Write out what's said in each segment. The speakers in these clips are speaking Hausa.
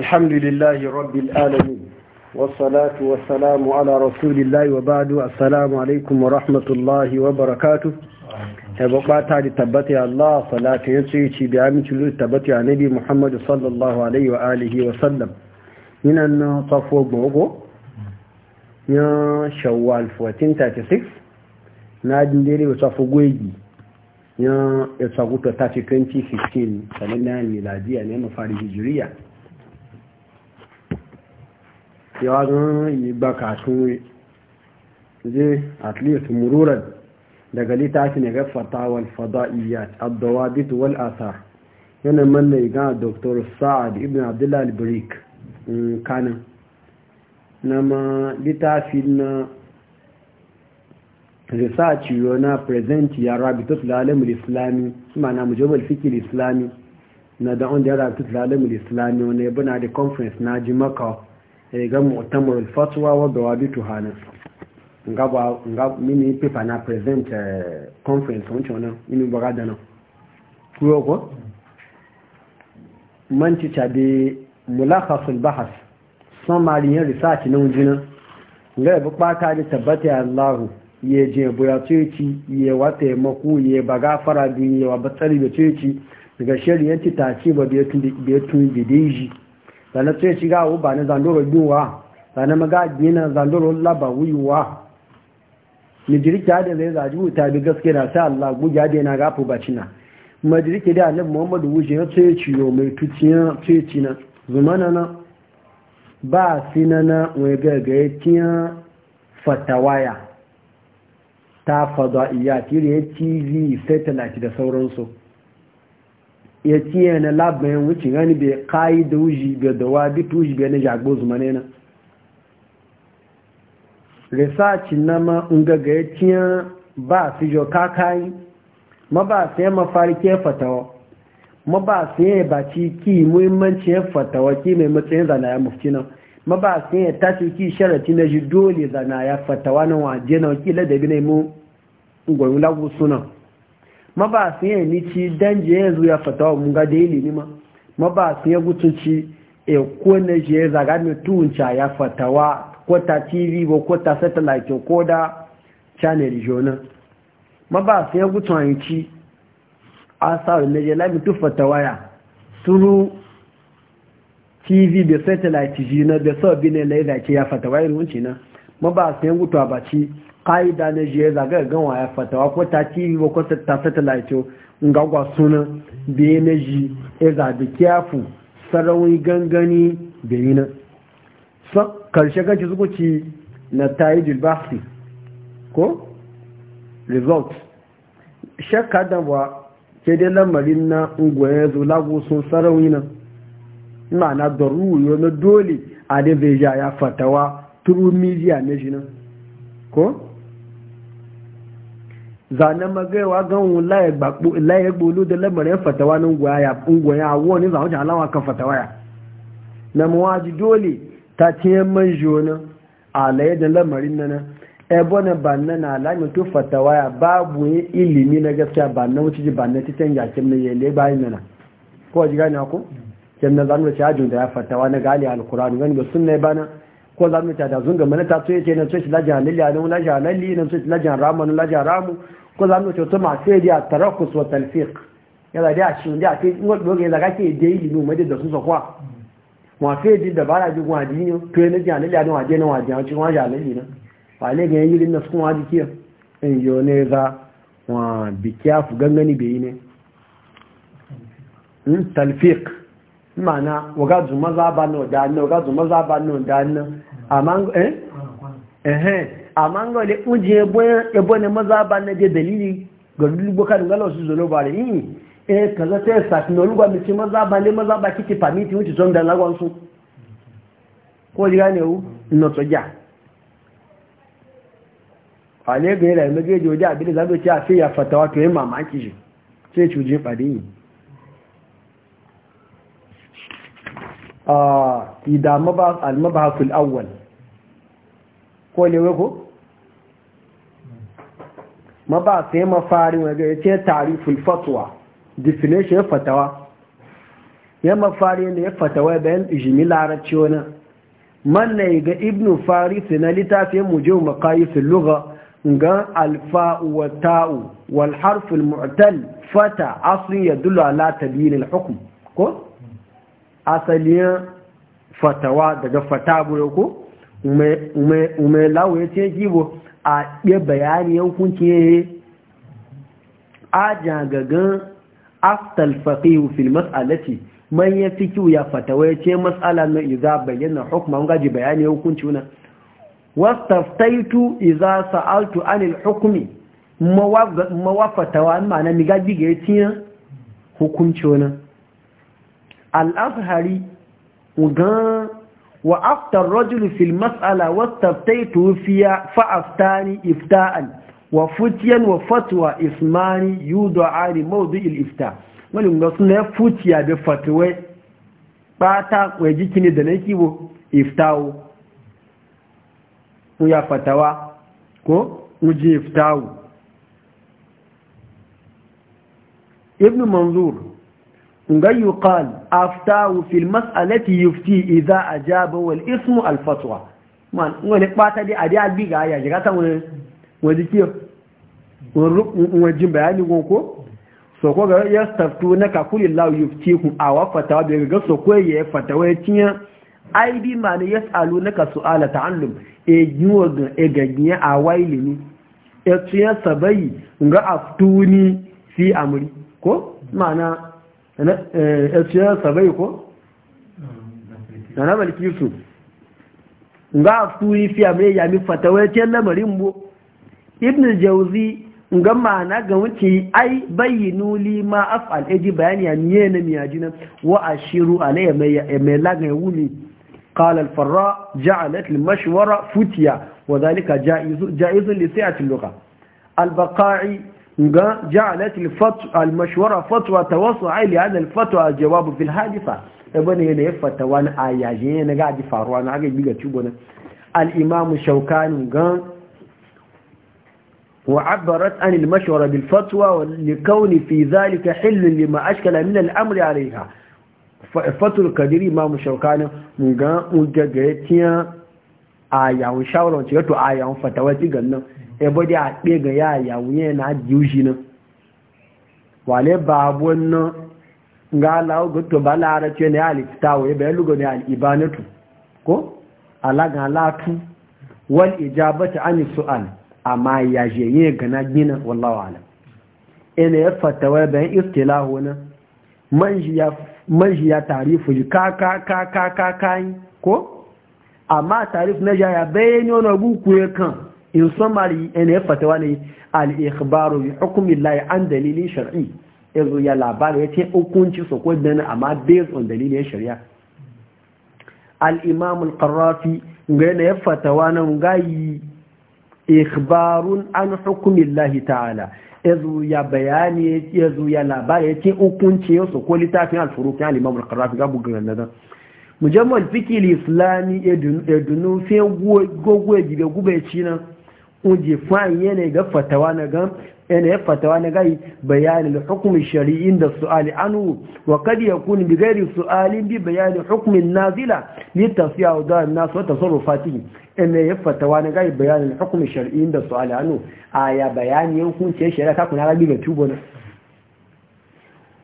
الحمد لله رب العالمين والصلاة والسلام على رسول الله وبعد السلام عليكم ورحمة الله وبركاته tabbata da tabbata ya Allah salatu ya ce ci bi aminci lu tabbata sallallahu alaihi wa wa sallam ina na safo gogo ya 1436 na din dare wa gogi ya ya saguta 2015 na mafari hijriya yawa zan yi ba kasun zai at least mururan daga littafi ne ga fatawar fada'iyya abdawa bitu wal asar yana manna igan dr sa'ad ibn abdullahi al-barik kanan na ma littafi na research na present ya rabitul alamul islami suna na mujabal fikir islami na da'on da ya rabitul alamul islami wani yabi na da conference na ji makawa Eh, ga mu'tamar al-fatwa wa dawabitu hanan nga ba nga mini pepa na present eh, conference on chona mini baga da na. kuyo ko man ci tabi mulakhas al-bahth summary yin research na unjina nga e bu kwata da tabbata Allah ye je buya ci, ye wata maku ye baga fara duniya wa batsari da ceci daga shari'a ci ta ce ba bai tun da bai tun da deji sannan sai shiga a ba na zandoro biyuwa sannan maga na zandoro laba wuyuwa madiriki hadin zai zaji wuta bi gaske na sai Allah guja da yana gafu bacina madiriki da annabi Muhammadu wuce na sai ciyo mai tuciya sai cina zumana na ba na wai gagaye tiya fatawaya ta fada iya tire TV satellite da sauransu ya tiye na labin wuce gani bai kayi da wuji bai da wa bitu wuji bai na jagbo zumane na research na ma ngaga ya ba su jo kakayi ma ba su yi mafarki ya fatawa ma ba su yi baci ki muhimmanci ya fatawa ki mai matsayin zana ya mufti nan ma ba su yi tashi ki sharaci na ji dole zana ya fatawa na waje na wakila da bi na yi mu gwayo lagu sunan mabasiyan ni ci danje ya zuya fatawa mun ga da ni ma mabasiyan gutunci e ko na je zaga ne tunca ya fatawa ko ta tv ba ko ta satellite ko da channel jona mabasiyan gutun ci asar ne je labi tu fatawa ya turu tv da satellite jina da so bi ne laida ke ya fatawa irin wuce na ya gutu abaci ƙa'ida na jiya zaga gan waya fatawa ko ta tv ko ta satellite ga gwa suna biye na ji ya e zabi kyafu sarauni gangani da yi na, karshe ganci zukuci na tayi jilbasi ko result shakka da ba ke dai lamarin na ngwaye zulagu sun na ma na doru ruwa na dole a da ya fatawa turu media na ko? Cool? zanen magaiwa gan laye gbolu da lamarin fatawa nan gwaya ungoya awo ne zanen alawa kan fatawa ya na mawaji dole ta tiye man jona a laye da lamarin nana ebo na banna na alamin to fatawa ya babu yin ilimi na gaskiya banna wuce ji banna ta canja kim na yele bayan nana ko ji gani ako kim na zanen wuce ajin da ya fatawa na gali alkurani gani ga sunna bana ko zanen wuce da zunga mana ta so yake na so shi lajan halalli na wani lajan halalli na so shi lajan ramu na lajan ramu ko za mu ce to ma sai dia tarakus wa talfiq yana dia shi dia ke ngot doge la kake dai ilu ma da su sokwa wa sai di da bara ji gwa di to ne ji anali anu waje na waje an ci wa ja anali na wa le ga yi na su wa di kiyo in yo ne za wa bi kiafu gangani bai ne in hmm, talfiq mana waga zuma za ba no da no waga zuma za ba no da no amma eh eh amma ga wale uje ya ne maza ba na je dalili ga lullubo kan galo su zolo ba ne eh kaza ta sa na lugwa mi maza ba le maza ba kike permit wuce zon da lagwan su ko ji ne wu no to ja ale ga yana mai gaje wajen abin da zaɓe ce a sai ya fatawa to yi mamaki shi sai cuje ɓari a idamaba al-mabahasul awwal ko lewe ko ma ba ma fari waga ya ce tariful fatwa definition ya fatawa ya fari ne ya fatawa bayan ijimi larabci wani man na ga ibnu faris na littafin mujau makayisul lugha ga alfa'u wa ta'u wal harful mu'tal fata aslin yadullu ala tabiyin al-hukm ko asaliyan fatawa daga fata ko ume lawo ya ce gibo a ɗe bayani yankunci ya yi a jagagan aftal filmas fil mas'alati man ya fi ya fatawa ya ce matsala na iza bayyana hukma an gaji bayani hukunci na wastaftaitu iza sa'altu anil hukumi mawafatawa ma na mi gaji ga ya hukunci wuna al'afihari ugan wa aftar rajulu fil mas'ala wastaftaitu fiya fa aftani ifta'an wa futiyan wa fatwa ismani yud'a li mawdi'il ifta wani ga suna futiya da fatwa bata wai jikini da nake bo iftawo ko ya fatawa ko uji iftawo ibn manzur غير fil mas'alati yufti idha ajaba wal ismu al fatwa man wani ɓata di a albi ga ya shiga ta wani kiyo wajen bayani ko so ko ga ya staftu na kuli la yufti ku a wa fatawa bai ga so ko ye fatawa ya tiya ai bi ma ne na ka su'ala ta'allum e jiwo ga e gagiya a waili ni e tiya sabai nga aftuni fi amri ko mana ẹ̀tí ẹ̀sà bẹ́ ìkọ́ nàrà mẹ́lì kìrìsù ǹgá fú ifi àmì èyà ibn jẹ́uzi ǹgá ma na gan wuce ai bayi nuli ma af al'eji bayani a niye na miyaji na wa a shiru a mai lagan ya wuni kalal farra ja alatul mashuwara futiya wa zalika ja'izun lisi a tilluka جعلت الفتوى المشورة فتوى توصل توسع لهذا الفتوى الجواب في الحادثة ابن هنا فتوى آياجين أنا قاعد فاروا أنا قاعد بيجا تشوبنا الإمام الشوكاني قال وعبرت عن المشورة بالفتوى لكون في ذلك حل لما أشكل من الأمر عليها فتوى القدير إمام الشوكاني قال أنت قلت يا آيان شاورا وانت قلت آيان ebe di a ɗe ga ya ya ne na ajiyu shi nan wale babu wannan ga Allah ga to ba lara ce ne aliftawo ya bayan lugo ne al'ibanatu ko ala alaga latu wal ijabata an su'al amma ya je yin gana gina wallawa alam ina ya fatawa bayan istilahu na man shi ya tarifu ji ka ka ka ka ka ko amma tarif na ya bayan yana gukuye kan in summary ne fatawa ne al-ikhbaru bi hukmi Allah an dalilin shar'i yanzu ya labari ya ce hukunci su ko dana amma based on dalilin shari'a al-imam al-qarrafi ga ne fatawa nan gayi ikhbarun an hukmi Allah ta'ala yanzu ya bayani yanzu ya labari ya ce hukunci su ko litafin al-furuq ya al-imam al-qarrafi ga bugun nan mujammal fikil islami edunu fe gogwe gibe gube nan uje fa'in yana ga fatawa na ga yana ya fatawa na gai bayani da hukumin shari'in da su'ali anu wa kad yakun bi ghairi su'alin bi bayani hukmin nazila li tafiya da nasu wa tasarrufati fati ya fatawa na gai bayani da hukumin shari'in da su'ali anu aya bayani hukuncin shari'a ka kuna rabi ga tubo na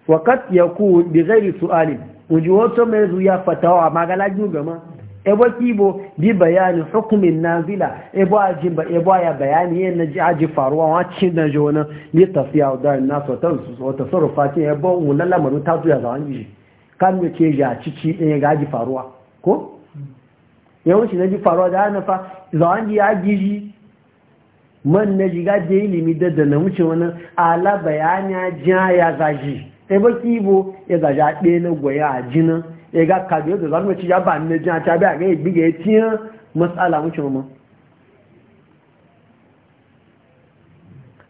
wa kad yakun bi ghairi su'alin uji wato mai zuya fatawa magalaji gama ebo kibo bi bayani hukumin nazila ebo aji ebo ya bayani yin na ji aji faruwa wa cin da jona ni tafiya da na so ta so ta so rufa ce ebo wala lamarin ta tuya za ji kan me ke ya ci ci in eh, ga aji faruwa ko yawo shi na ji faruwa da na fa zawan ji ya ji ji man na ji ga da ilimi da da na wuce wani ala bayani ya ja ya zaji ebo kibo ya zaji a ɗaya na goya a jinan ya ga kaji yadda zan mace ya ba ni jin ta bi a ga biga ya tiya matsala muke mu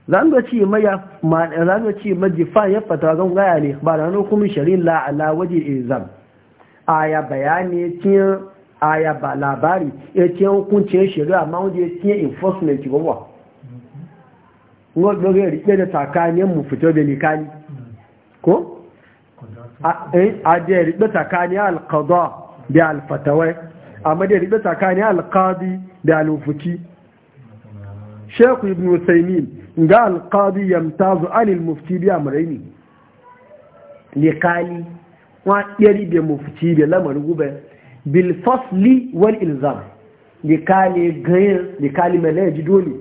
zan ga ci maya ma zan ga ci majifa ya fata zan ga yale ba da nan kuma sharin la ala waji izam aya bayani tiya aya ba labari ya tiya hukuncin shari'a amma wanda ya tiya enforcement gowa ngo doge rike da tsakanin mu fito da likali ko adiyar eh, riɓe tsakanin alkada da alfatawai amma da riɓe tsakanin alkadi da alufuki sheku ibn usaimin ga alkadi yamtazu anil mufti biya muraini likali waɗiyar da mufti da lamarin gube bilfasli wal ilzam likali gayin likali mai laye ji dole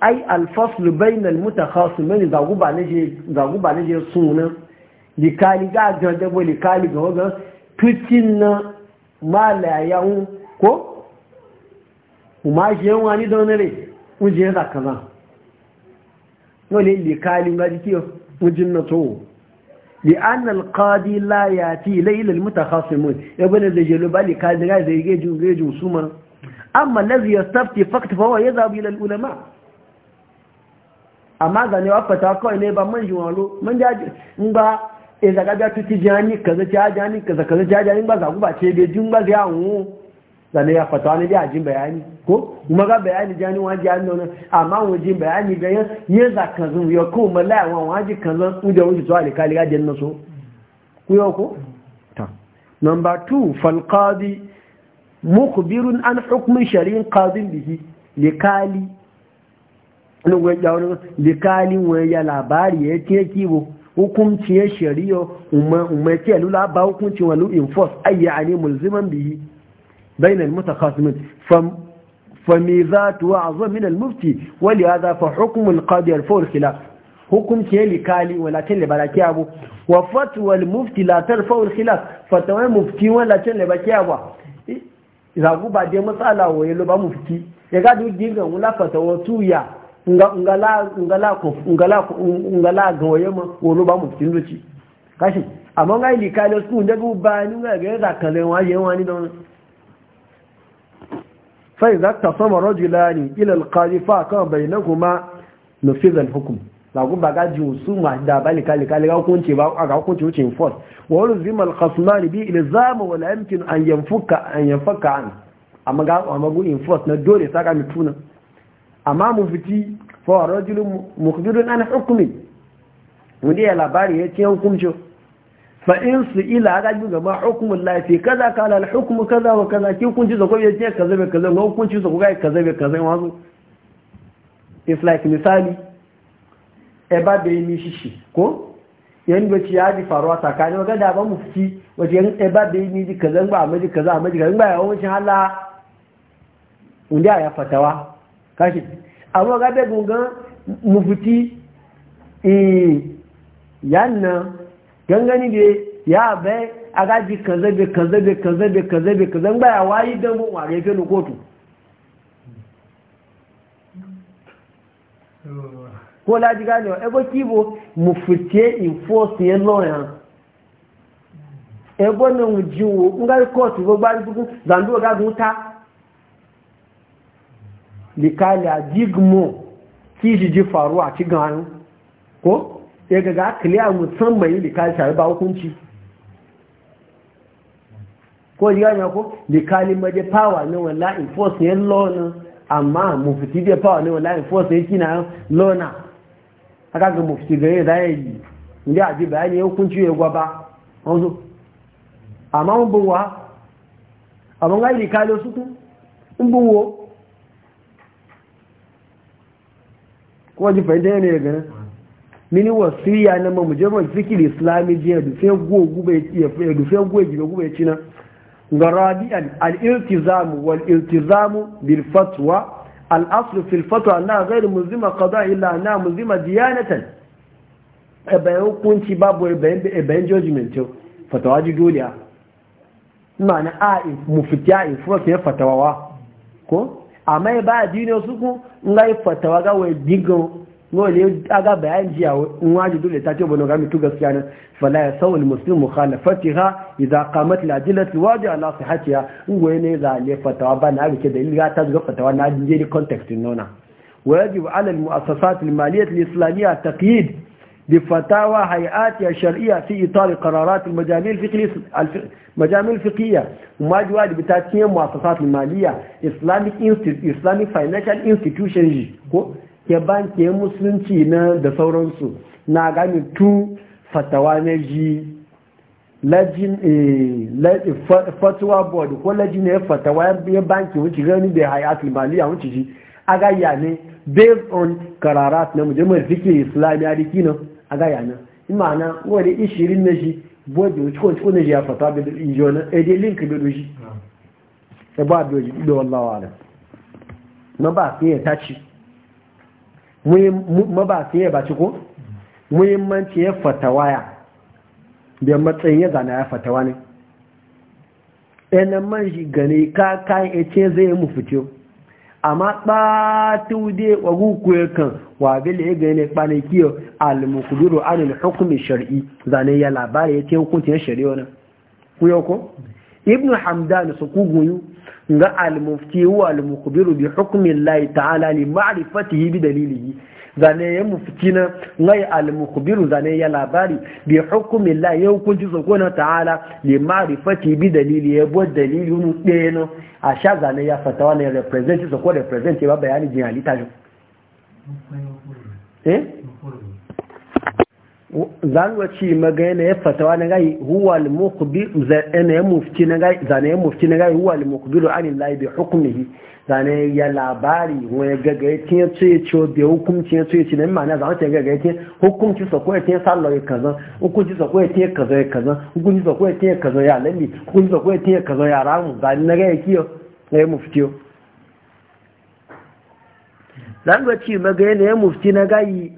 ai alfaslu bainal mutakhasimin zaguba ne je sunan likali ga jan dabo likali ga wajen tukin na malayayen ko? umajiyan wani daunare ujiyar zakaza wani likali ma jiki ujin na towo li'an alkadi la ya ti lailal mutakhasimun ibn e da jelo ba likali ga zai geju geju suma amma lazi yastafti fakt fa wa yadhabu ila ulama amma zane wa fata kawai ne ba man walo man jaji in e zaga ga tuti jani kaza ja jani kaza kaza ja jani ba zagu ba ce bai jin ba ya hu zane ya fata ne da jin bayani ko kuma ga bayani jani wa jani non amma wa jin bayani ga yan ye za kazu ya ko mala wa wa ji kaza u da wuce to alikali ga na so ku yo ko ta number 2 fal qadi mukhbirun an hukmin shari'in qadin bihi likali ne wa ya wani likali wa ya labari ya ce kibo hukunci ya shari'a umarci alula ba hukunci wa lu'in force ayya a ne mulziman biyi bainal mutakasimin wali ya zafa hukumin qadiyar fawar khilaf hukunci ya likali walakin libaraki abu wa fatuwa latar fawar khilaf fatawai mufti abu zagu ba dai matsala wa yalo ba mufti ya gadi wula fatawa tuya ngala waye ma wolo ba mu cikin zuci kashi amma ga ili kalo su da bu ba ni ga ga da kale wa je wani don fa idza tasama rajulani ila alqadi fa kama bainakuma nufiz alhukm la ku baga ji su ma da ni kale kale ga hukunci ba ga hukunci wuce in force wa ulzima alqasman bi ilzam wa la yumkin an yanfuka an yanfaka an amma ga amma bu in force na dole saka tuna amma fiti fa rajulun mukhbirun an hukmi wanda ya labari ya ce hukunci fa in su ila ga ji gaba hukumun lafi kaza kala al hukmu kaza wa kaza ki hukunci zako ya ce kaza be kaza ga hukunci zako ga kaza be kaza wazo it's like misali e ba da yi shishi ko yan gaci ya ji faruwa tsakanin ga da ba fiti wace yan e ba da yi ji kaza ba amaji kaza amaji kaza ba ya wancin hala wanda ya fatawa kashi àwọn ọ̀gábẹ́gun gan mufuti yanna gangani da ya bai agaji kanzabe kanzabe kanzabe kanzabe kanzan gbaya wayi don mun ware fi kotu ko laji gane wa ego kibo mufuti enforce yen lawyer ego na wujiwo ngari kotu gbogbo arikukun zandu ogagun ta likali a jigmo kijiji faru a ci gano ko ya ga ga kiliya musamman yi likali shari ba hukunci ko ji gane ko likali ma je power ne wala enforce ne law na amma mufti je power ne wala enforce ne kina law na aka ga mufti ga yi zai yi ndi a ji bayani ya hukunci ya gwaba wanzu amma mun buwa abin ga likali su tu mun kuma ji fahimta ne daga nan mini wasiya na mamu jama'a fikir islami jiya dufe goyi gibe gube ci na ga rabi'an al'iltizamu wal iltizamu bil fatwa al'aslu fil fatwa na zai muzima kada illa na muzima diyanatan ebe hukunci babu ebe judgment yau fatawa ji dole ma'ana a mufitiya in fura fiye fatawa ko amma ba a duniya su ku nga yi fatawa ga wai digo wani aga bayan jiya in waje dole ta ce bano ga mutu gaskiya nan fala ya sawul muslim mukhalafatiha idza qamat la dilati waje ala sihatiha ngoye ne za le fatawa ba na ga dalil ga ta ga fatawa na je ni context nona wajib ala al muassasat al maliyah al islamiyah taqyid فتاوى هيئات شرعيه في اطار قرارات المجامع الفقهيه المجامع الفقهيه وما جواد بتاتيه مؤسسات الماليه اسلامي انستيتيوشن اسلامي فاينانشال انستيتيوشن كو يا بانك يا مسلمتي نا دا سورونسو نا غاني تو فتاوى نجي لجن إيه فتوى بورد كل لجنة إيه فتوى يا بانك وش غني بهيئات الماليه وش جي أغا يعني based on قرارات نمو جمهور فكر إسلامي عليكي a gaya nan imana wadda ishirin na shi bodi cikin na shi ya fata da injo na ɗaya linka da doji da ba doji doshi da wallawa da na ba fiye ta ci ma fiye ba ci ko muhimmanci ya fata waya da matsayin ya zana ya fata wani ɗanan man shi gane ka kayan ya ce zai mu fito amma ɓatu dai wagu kuwa kan wabe ya gani ne kiyo al-mukubiru anil hukumi shari'i zane ya labari ya ce hukuncin shari'a wani kuyo ko ibnu hamdan su kugunyu ga al-mufti wa al-mukhbiru bi hukmi Allah ta'ala li ma'rifatihi bi dalilihi zane ya mufti na ngai al-mukhbiru zane ya labari bi hukmi Allah ya hukunci na ta'ala li ma'rifatihi bi dalili ya bo dalili mu deno a sha zane ya fatawa ne represent ko represent ba bayani jin halita jo eh zanwaci magana ya fatawa na gai huwa al-mukhbir zane ya mufti na gai zane ya mufti na gai huwa al-mukhbir an Allah bi hukmihi zane ya labari wani gaga ya tiye tsaye ciwo bi hukumci ya tsaye ciwo ma'ana zama ce gaga ya tiye hukumci sa ko ya tiye sallo ya kazan hukumci sa ko ya tiye kazo ya kazan hukumci sa ko ya tiye kazo ya lalli hukumci sa ko ya tiye kazo ya ramu zane na gai kiyo na ya muftiyo zanwaci magana ya mufti na gai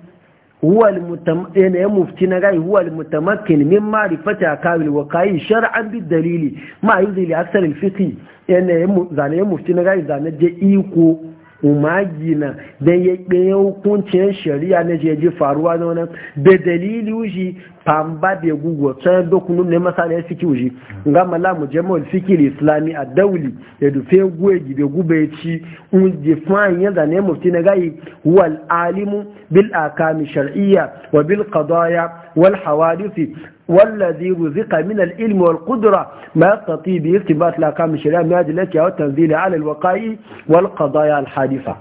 yanayin mufti na gai huwa mutamakin min marifata kawil wa kayi shar'an bi dalili ma yi zili aksar alfiki yanayin mufti na gai zane je iko umagi na don ya ɗaya hukuncin shari'a na jeji faruwa na wani da dalili wuji famba da gugu can dokunan ne masa na fiki wuji ga mala mu jama'ul fikir islami a dauli ya dufe guwe gibe gube ci un je fan yanda ne mafi na gayi wal alimu bil akami shar'iyya wa bil kadaya wal hawadisi والذي رزق من العلم والقدرة ما يستطيع بإرتباط الأحكام الشريعة من هذه الأشياء والتنزيل على الوقائي والقضايا الحادثة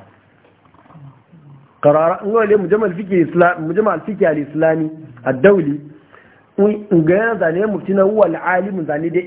قرار نقول مجمع الفكر الإسلام مجمع الفكر الإسلامي الدولي ونقول zane mutu na huwa al'alimin zane da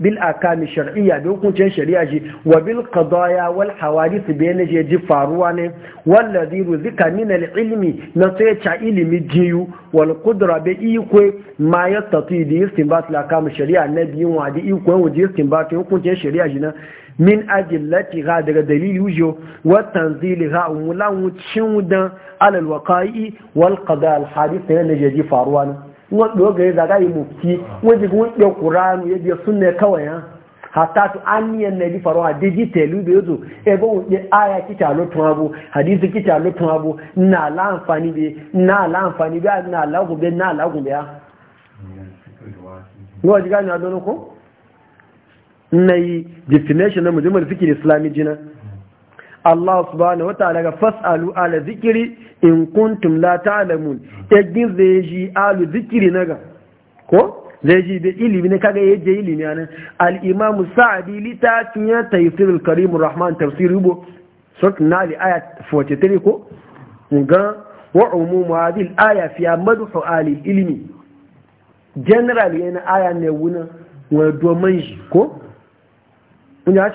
bil akami shar'iyya da hukuncin shari'a shi wa bil qadaya wal hawadith bi ne je faruwa ne wal ladhi zika min al ilmi na sai cha ilimi jiyu wal qudra bi iko ma yastati bi istinbat al akami shari'a na biyu wa di iko wuje istinbat hukuncin shari'a shi na min ajillati ga daga dalili wujo wa tanzili ga umulan wucin dan alal waqa'i wal qada al hadith ne je ji faruwa ne wọ́n oge yìí zaga yìí mufti wọ́n jẹ́ wọ́n ɗẹ́ kuranu yẹ́ jẹ́ sunna kawai ha hatta su an yi na bi faruwa ha, ji telu da yazo e ba wọ́n ɗẹ́ aya kita lotun abu hadisi kita lotun na la amfani be na la amfani be na la gube na la gube ya. Wọ́n ji gani adonu ko? Na yi definition na mujimar zikiri islami jina. Allah subhanahu wa ta'ala ga fas'alu ala zikiri in kuntum la ta'lamun yagin zai ji alu zikiri naga ko zai ji da ilimi ne kaga yaje ilimi anan al-imam sa'di litafin ya tafsir al-karim rahman tafsir ibo sotna li ayat 43 ko ga wa umumu hadhihi al-aya fi madhu ali ilmi general yana aya ne wuna wa domin shi ko kun ya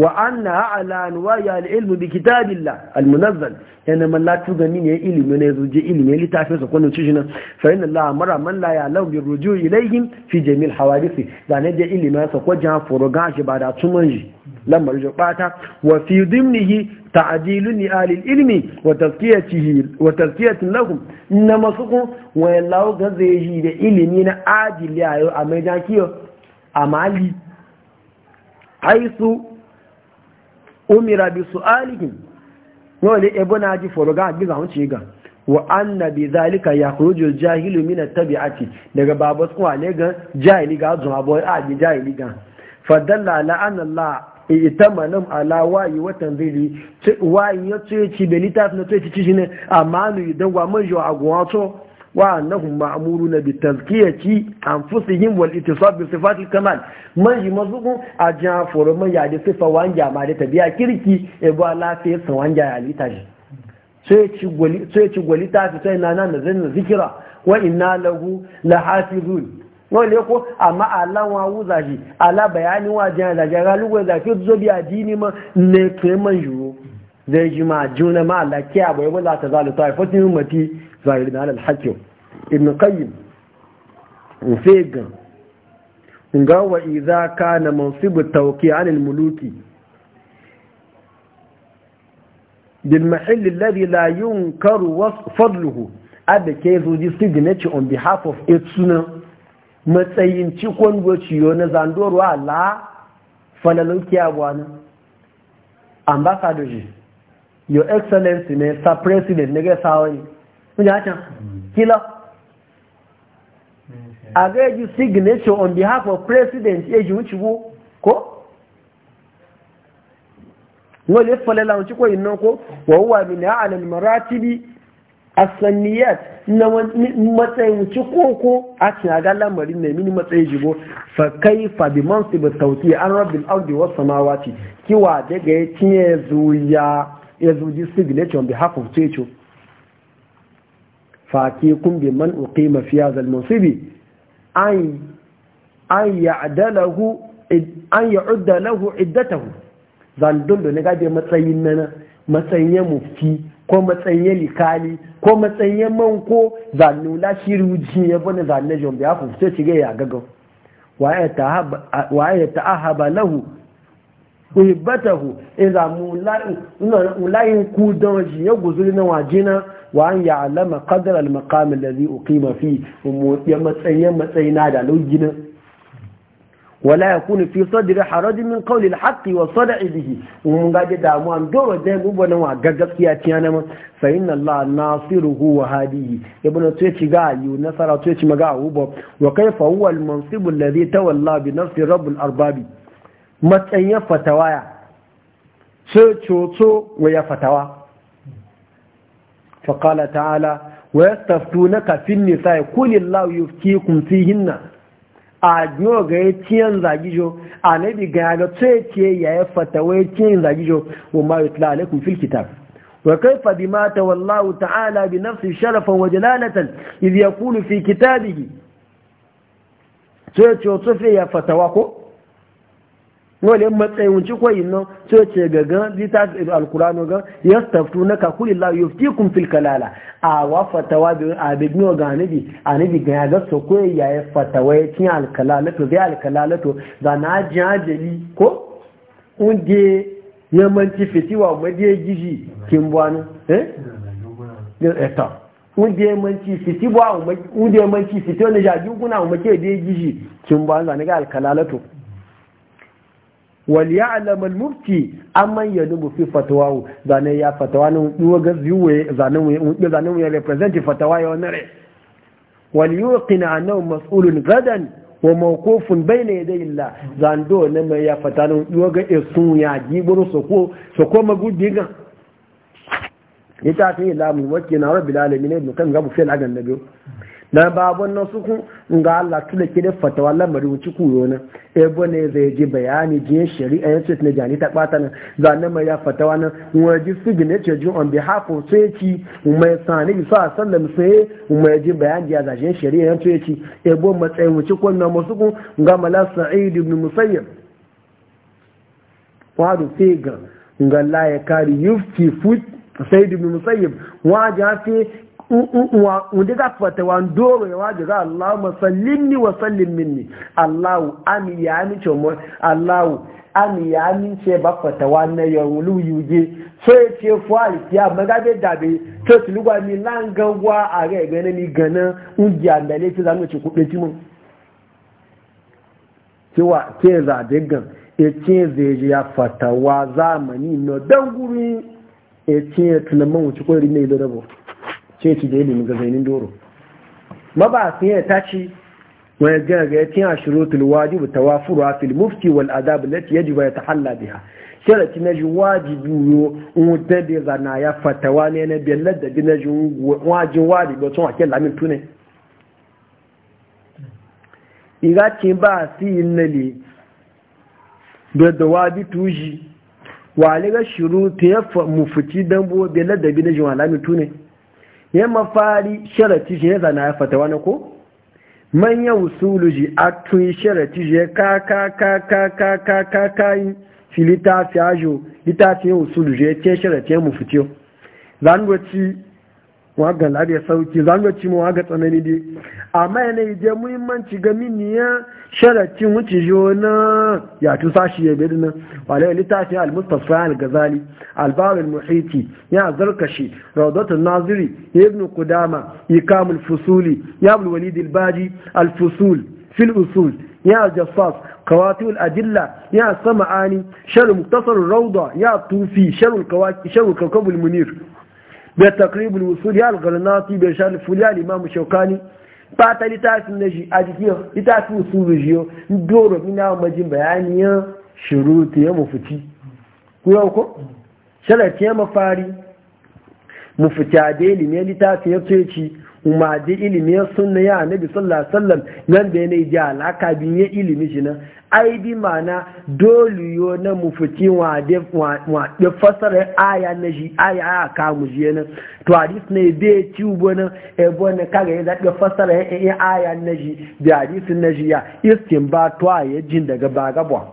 wa anna ala anwaya al bi kitabillah al-munazzal yana man la tuga min ya ilimi ne zuje ilimi litafin sa kullu cikin nan fa inna allah amara man la ya'lamu bi ruju' ilayhim fi jamil hawadith da ne da ilimi sa ko jan foro gashi ba da tuman shi lamar jo bata wa fi dimnihi ta'dilu li ilmi wa tazkiyatihi wa lahum inna masuku wa lau ga da ilimi na adili ayo a mai amali aisu umira bi su'alihim wani ebo na ji foroga a giza wuce ga wa anna bi zalika ya kurujo jahilu mina tabi'ati daga babu tsuwa ne ga jahili ga zuwa boy a ji jahili ga fadalla la anna la itamanan ala wayi wa tanzili wayi ya ce ci belita na ce ci ci ne amma nu idan gwa mun jo agwa to wa annahum ma'muruna bi tazkiyati ci. wal ittisab bi sifatil kamal man yimazukun ajan foro man ya de sifa wanja ma de tabiya kirki e ba lafiya san wanja ya lita shi sai ci gwali sai ci gwali ta sai na nan zan zikira wa inna lahu lahafizun wọ́n lè kó àmá aláwọn awúzàṣì alábàyání wà jẹ́ àdàjára lúwẹ̀dà zai ji ma juna ma alakiya bai wala ta zalu ta haifar tinu mati zahirin alal hakim ibn qayyim fegan ga wa ka na mansibu tawqi'an anil muluki bil mahall alladhi la yunkaru fadluhu abu ke zoji signature on behalf of itsuna matsayin cikon gociyo na zandoro ala falalukiya wani ambasadoji your excellency ne sa president ne ga sawani kunja hatan kila hmm. agaju signature on behalf of president eji wuciwo ko ngo le fole la wuci ko ko wa huwa min a'la al maratibi a saniyat na matsayin wuci ko ko a na ga lamarin na mini matsayin jibo fa kaifa bi mansib at-tawti an rabbil ardi was samawati kiwa daga ya tiye zuya ya zuji signature on behalf of teacher فاكيكم بمن أقيم في هذا المنصب أن أن يعدله أن يعد له عدته zan dundu na gaje متسين mufti ko matsayin likali ko matsayin ya manko zan nula shi jin ya bane zan na jombe ya fufuce ci ga ya gaga wa ya ta'ahaba lahu uhibbatahu idza mulayin ku don shi ya guzuri na wajina wa an ya alama kadar almakamin da zai uqima mafi ya matsayin da laujina wala kuni fi sadri harajin min qawli na haƙƙi wa da bihi mun ga damuwa damuwa dole da mu bana wa gaggaskiya ciya na ma fa inna na nasiruhu huwa hadihi ibn ci ga yu nasara ci maga ubo wa kayfa huwa al da zai tawalla bi nafsi rabb arbabi matsayin fatawa ya ce coco waya fatawa faƙala ta'ala waya staftu na kafin nisa ya kulin lauyi ki kumfi hinna a yau ga ya ciyan zagijo a na diga ya ga ce ya ya fatawa ya ciyan zagijo wa ma yutla alaikum fil kitab ta'ala bi nafsi sharafan بنفسه شرفا وجلالة إذ يقول في كتابه تيتشو ya fatawa ko. wale matsayin wuce koyi nan sai ce gaga zita alkurano ga ya staftu na kakuli la yufti kun fil kalala a wa fatawa bi a bi no ga nabi anabi ga ya ga so koyi ya ya fatawa ya tin alkalala to zai alkalala to ga na jajali ko unde ya manci fitiwa madiye gizi kin bwanu eh eta eh, unde ya manci fitiwa unde ya manci fitiwa ne jaju guna umake da gizi kin bwanu ga alkalala to wal ya'lam al mufti amman yadubu fi fatawahu zane ya fatawa nan duwa ga ziwe zanen mu zanen mu ya represent fatawa ya wannan re wal yuqina annahu mas'ulun gadan wa mawqufun bayna yaday Allah zando ne mai ya fata nan duwa ga esun ya jiburu soko soko magudi ga ita ta yi lamu wakina rabbil alamin ibn kan gabu fi al-agan nabiyo na babon na suku ga Allah tuna ke da fatawa lamari wuci kuyo na ebo ne zai ji bayani jiyan shari'a ya ce ne jani ta kwata nan za na mai ya fatawa nan waje su bi ne ce ju on behalf of sai mai sani bi sa sallam sai mai ji bayani ya zaje shari'a ya ce ci ebo matsayin wuci ku na musuku ga mala sa'id ibn musayyib wadu sai ga ga la ya kari yufti fut sayyid ibn musayyib waje fi wanda za fata wa doro yawa daga Allah masallimni wa sallim minni Allah ami ya amince mu Allah ami ya amince ba fata wa na yawulu yuje sai ce fuwa ya maga dabe to tilugwa mi a ga ga ni gana ungi andale ti zamu ci kudin ti mun cewa ke za digan e ce zai ya fatawa zamani no dan guri e ce ko rinne da dabo sai ci da ilimin ga zainin doro mabasin ya tashi wani gaga ya tiya shurutul wajibu tawafuru fil mufti wal adab allati yajibu yatahalla biha sharati na ji wajibi yo wuta da zana ya fatawa ne na biyar da bi na ji wajin wajibi tun ake lamin tuni iga ce ba si nale da da wabi tuji wa ga shiru ta ya mufuci dan bo biyar da bi na ji lamin tuni. ya mafari sharati shi ya zana ya fata wani ko manya usulu ji a tun sharati shi ya ka ka ka ka ka ka ka ka yi fi litafi ajo litafi ya usulu ji ya ce sharati ya mu fitiyo zangoci waga labe sauki zangoci mu tsanani dai amma yanayi je muhimmanci ga miniya sharati wuce jona ya tu sashi ya birni wale littafi al-mustafa al-gazali al-babil muhiti ya zarkashi rawdatul naziri ibn qudama ikamul fusuli ya abul walid al-baji al-fusul fil usul ya jassas كواتب الأدلة يا السمعاني شر مقتصر الروضة يا الطوفي شر الكواكب شر الكوكب المنير بتقريب الوصول يا الغرناطي بشار الفوليا الإمام الشوكاني fata littafin na shi a jiki littafin su rijiyo doro ina majin bayaniyan shirutu ya mafuci ku yau ko sharafi ya mafari mafuta da ne littafin ya ce ma ji ilimi ya sunna ya annabi sallallahu alaihi wasallam nan da ne ji alaka bin ya ilimi shi nan ai bi mana dole yo na mu fiti wa de wa de fasara aya na shi aya aya ka mu je nan to hadis ne be ci ubo e bona ka ga da da fasara e, e aya na shi bi hadisin na shi ya istinba to aya jin daga bagabwa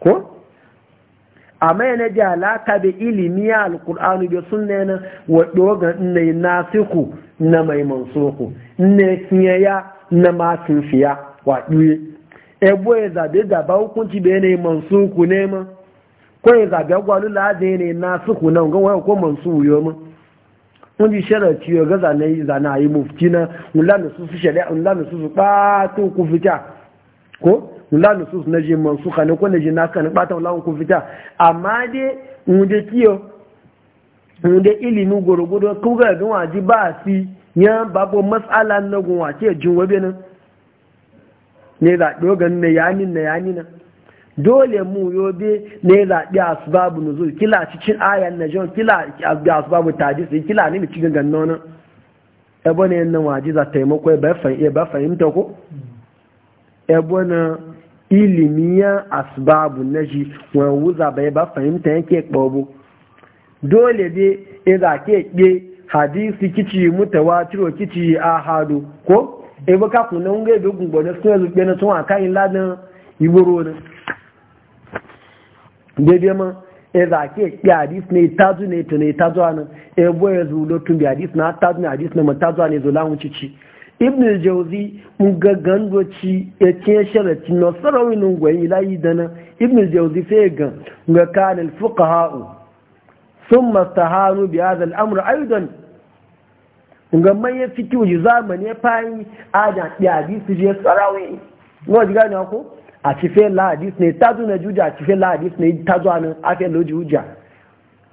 ko amma yana da alaka da ilimi ya alkur'ani da sunna na waɗo ga ne nasiku na mai mansuku ne ya na masu fiya waɗuye ebo ya zabe zaba hukunci da yanayi mansuku ne ma ko ya zabe gwalu la'adun yanayi nasiku na ga waya ko mansuku yau ma wọ́n ti ṣẹ́rẹ̀ tí àyè náà ńlá ṣẹlẹ̀ ńlá kó la nusus na ji mansuka ne ko na ji naka ne bata lawan ku fita amma dai mu da kiyo mu da goro gorogodo ku ga gan waji ba si ya babu mas'ala na gun wace jin wabe nan ne da dogan ne yani ne yani na dole mu yobe ne da bi asbabu nuzul kila cikin ayan na jon kila bi asbabu tadis kila ne mi cikin gannon nan ebo ne nan waji za taimako ba fahimta ko ebo na ilimiyan asbabu na shi wani wuza bai ba fahimta yake ɓabu dole dai za ke ƙe hadisi kici mutawa tiro kici a ko ebe ka kuna nga ebe gungbo na suna zuɓe na tun aka yi ladan iboro ne daidai ma za ke ƙe hadisi ne tazu ne to ne tazu ne ebe ya zuwa lotun bi hadisi na tazu ne hadisi na mutazu ne zo lahun cici ibnu al-jawzi mun ga gandoci ya ce sharati na sarawin gwan layi dana ibnu al-jawzi sai ga ga kan al-fuqaha sun masta hannu biya al-amr ayyudan ga man ya fiki ne zamani ya fayi ada ya su je sarawin no diga gani ko a cife la'adis ne ta zo na juja a cife la'adis ne ta zo a nan afiyar hujja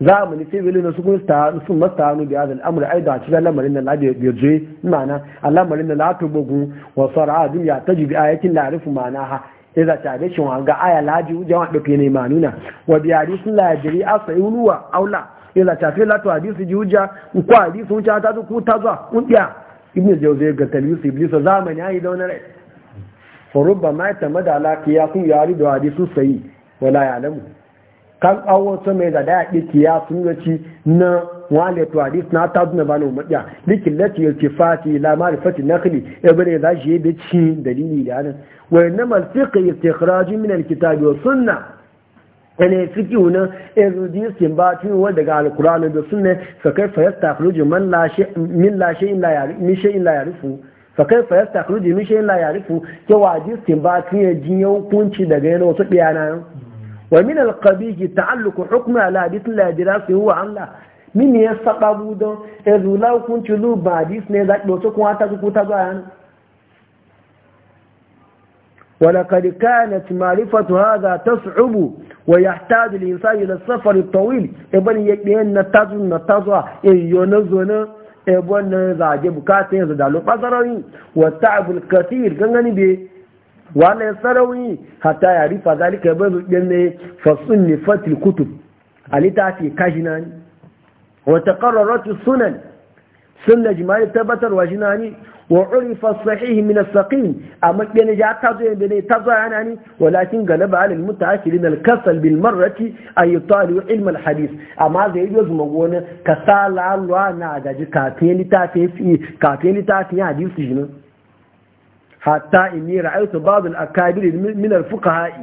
za mu nufi wili na sukun sun masta mastanu da yazal amur ai da cikin lamarin da la da je mana al'amarin da la ta bugu wa sara duniya ta jibi a yakin larifin mana ha ya za ta ga shin wa ga aya laji jama'a wa kai ne manuna wa bi hadisi lajiri a asayunu wuluwa aula ya za ta fi ji to in kwa a hadisi wuce ta zuku ta zuwa kundiya ibnu zai ga talbis iblis zamani ai da wani rai fa rubba ma tamada ala kun yari da wa hadisi sai wala ya lamu kan awo to mai da daya diki ya sun yaci na wale to hadis na ta zuna bana umma likin lati fati la kili naqli ibn e za shi be ci dalili da nan wa innama al ya istikhraj min al-kitab wa sunnah ene fiki wuna erudi sin ba tun wa daga alqur'ani da sunna fa kaifa yastakhruju man min lashe in la ya'rif min shay la ya'rifu fa kaifa yastakhruju min in la ya'rifu ke wajib ba tun ya jin hukunci daga yana wasu biyana ومن القبيح تعلق حكم على حديث لا دراسة هو الله من يسبب دون اذ لو كنت لو بعديث نذاك لو تكون أتاكو تبعنا ولقد كانت معرفة هذا تصعب ويحتاج الإنسان إلى السفر الطويل إبن يكبين نتازو نتازو يونزونا إبن زاجب كاتين زدالو قصرين والتعب الكثير كان بي wannan sarauni hatta ya rifa zalika ya bazu ɗin ne fasun ne fatil kutub a littafi kashi na ni wata ƙararratu sunan sun na jimari tabbatarwa shi na ni wa urifa sahihi min as-saqim amma ɗin ya ta zo yanda ne ta zo yana ni walakin galaba alal mutaakirin al-kasal bil marrati ay yutalu ilm al-hadith amma zai yi zuma gona kasala alwa na gaji kafin littafi kafin littafi hadisi shi ne hatta inni ra'aytu ba'd al-akabir min al-fuqaha'i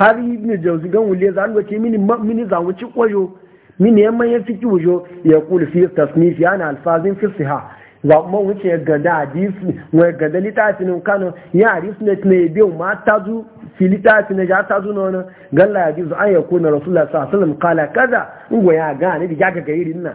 har ibn jawzi gan wule zan wace mini mini zan wuce koyo yamma ya fiki wujo ya kul fi tasnif yana alfazin fi siha za kuma wuce ya gada hadisi wa gada litafin kano ya hadisi ne ne biyo ma tazu fi litafin ya tazu nono galla an yakuna rasulullahi sallallahu alaihi wasallam kala kaza ngwa ya ga ne diga ga irin nan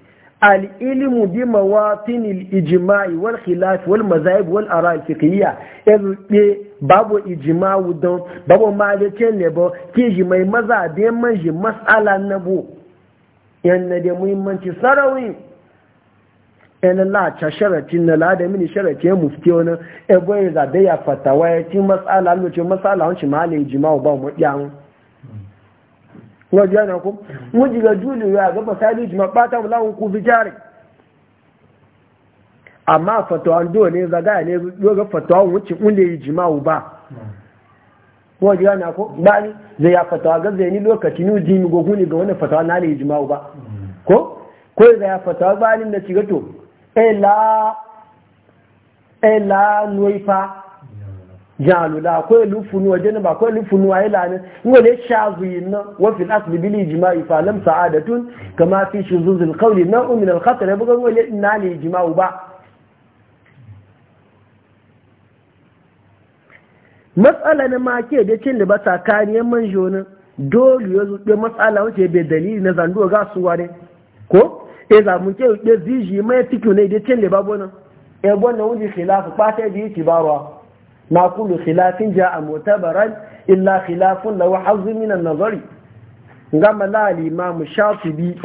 al'ilimu bi mawatin al'ijima'i wal khilafi wal mazahib wal ara fiqhiyya irbe babu ijima'u Dan, babu malice ne ba ke ji mai maza da man ji mas'ala na bu yanna da sarawin yan la ta sharati na la da mini sharati ya mufti wani ebo mas'ala lokacin mas'ala wancin ma ala ijima'u ba wọ́n jẹ́ ọ̀nà kún wọ́n jìgà júlù rẹ̀ àgbẹ́bọ̀ sáàlì ìjìmọ̀ pátá láwọn kú fi járe àmá fọ̀tọ̀ zaga ní lórí fọ̀tọ̀ wọ́n ti ń lè ìjìmọ̀ ọba wọ́n jẹ́ ọ̀nà kún ba ni zai ya fọ̀tọ̀ àgẹ́zẹ̀ ní lókàtí ní ojú gogun ga wani fọ̀tọ̀ na lè ìjìmọ̀ ba ko ko zai ya fọ̀tọ̀ gbá ní na cigato ẹ̀là ẹ̀là nuifa jalula akwai lufunu waje ne ba akwai lufunu waye lani ngo ne shazu yinna na fil asli bil ijma'i fa lam sa'adatun kama fi shuzuz al qawl naw'un min al khatar buga ngo ne inna li ijma'u ba matsala na ma ke da cin da ba tsakaniyar man jona dole ya zuɗe matsala wace bai dalili na zanduwa ga su ware ko e za mu ke zuɗe ziji mai fikiyo ne da cin da babu nan e gwanna wuji khilafu ba ta biyu ci barwa na kulu khilafin ja a mutabaran illa khilafun lawa hauzi minan nazari gama lalima mu shafibi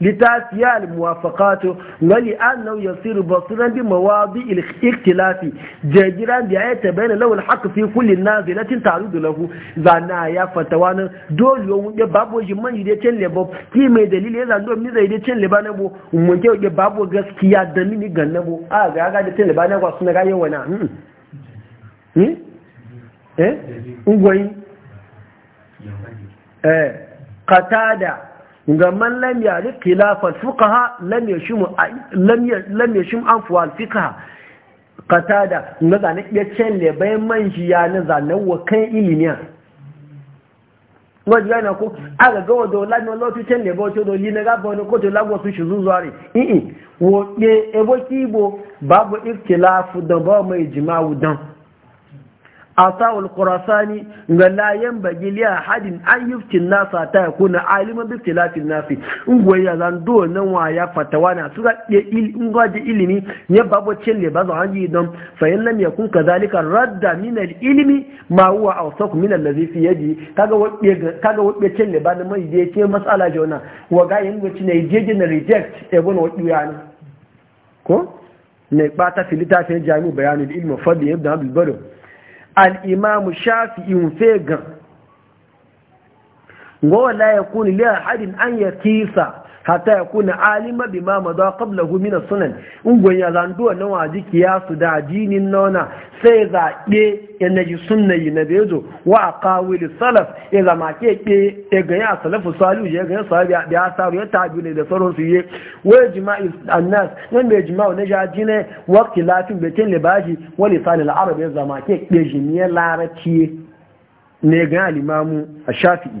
litasiyar muwafakato wani an nau ya ba su nan bi mawazi iktilafi jajiran da ya yi ta bayan lawal haka fi kullin na zilatin taru da lahu zana ya fata wani dole yau ya babu shi man yi da can lebo ki mai dalili ya zan domin zai da can leba na mun kyau babu gaskiya dalili ga na bo a ga ya da can leba na kwa suna ga yawa na ugwai hm? hm? katada eh, ga man lam yari khilafar fukaha lam ya shim an fuwal fikaha katada ga zane ya celle bayan man shi ya na zane wa kan ilimiya wọ́n jẹ́ ìnàkó agagọ́ ọ̀dọ̀ láti ọlọ́tí tẹ́lẹ̀ bọ́ tí ó lè ní gábọ̀ ní kòtò lágbọ̀sù ṣùzúzọ rẹ̀ ìyìn wọ́n pé ẹgbẹ́ tí ìbò bá bọ́ asawul qurasani ga la yanbaghi hadin ahadin an yufti nasa ta yakuna alima bi nasi ngwe ya zan do nan waya fatawa na su ngwa ilimi ya babo celle ba za hanji don fa in yakun kadhalika radda min al-ilmi ma huwa awsaq min alladhi fi yadi kaga wabbe kaga ba na mai je ke masala jona wa ga yin wuci ne je na reject e gona wabbe ya ko ne ba ta filita fi jami'u bayanul ilmi fadli ibn abdul barid al'imamu shafi'in fegan gowa la ya kuni liya hadin an ya kisa hatta ya kuna alima bi ma mada qabla hu min sunan ungon ya zandu na waji kiyasu da dinin nona sai zaɓe ya naji sunna yi na bezo wa aqawil salaf ya zama ke ke ya ga ya salafu salu ya ga ya da ya saru ya tabi da sauran su ye wa jama'i annas nan bai jima'u na jaji ne wa khilafin batin libaji wa lisan al-arab ya zama ke ke jimiyar larabci ne ga al-imamu ash-shafi'i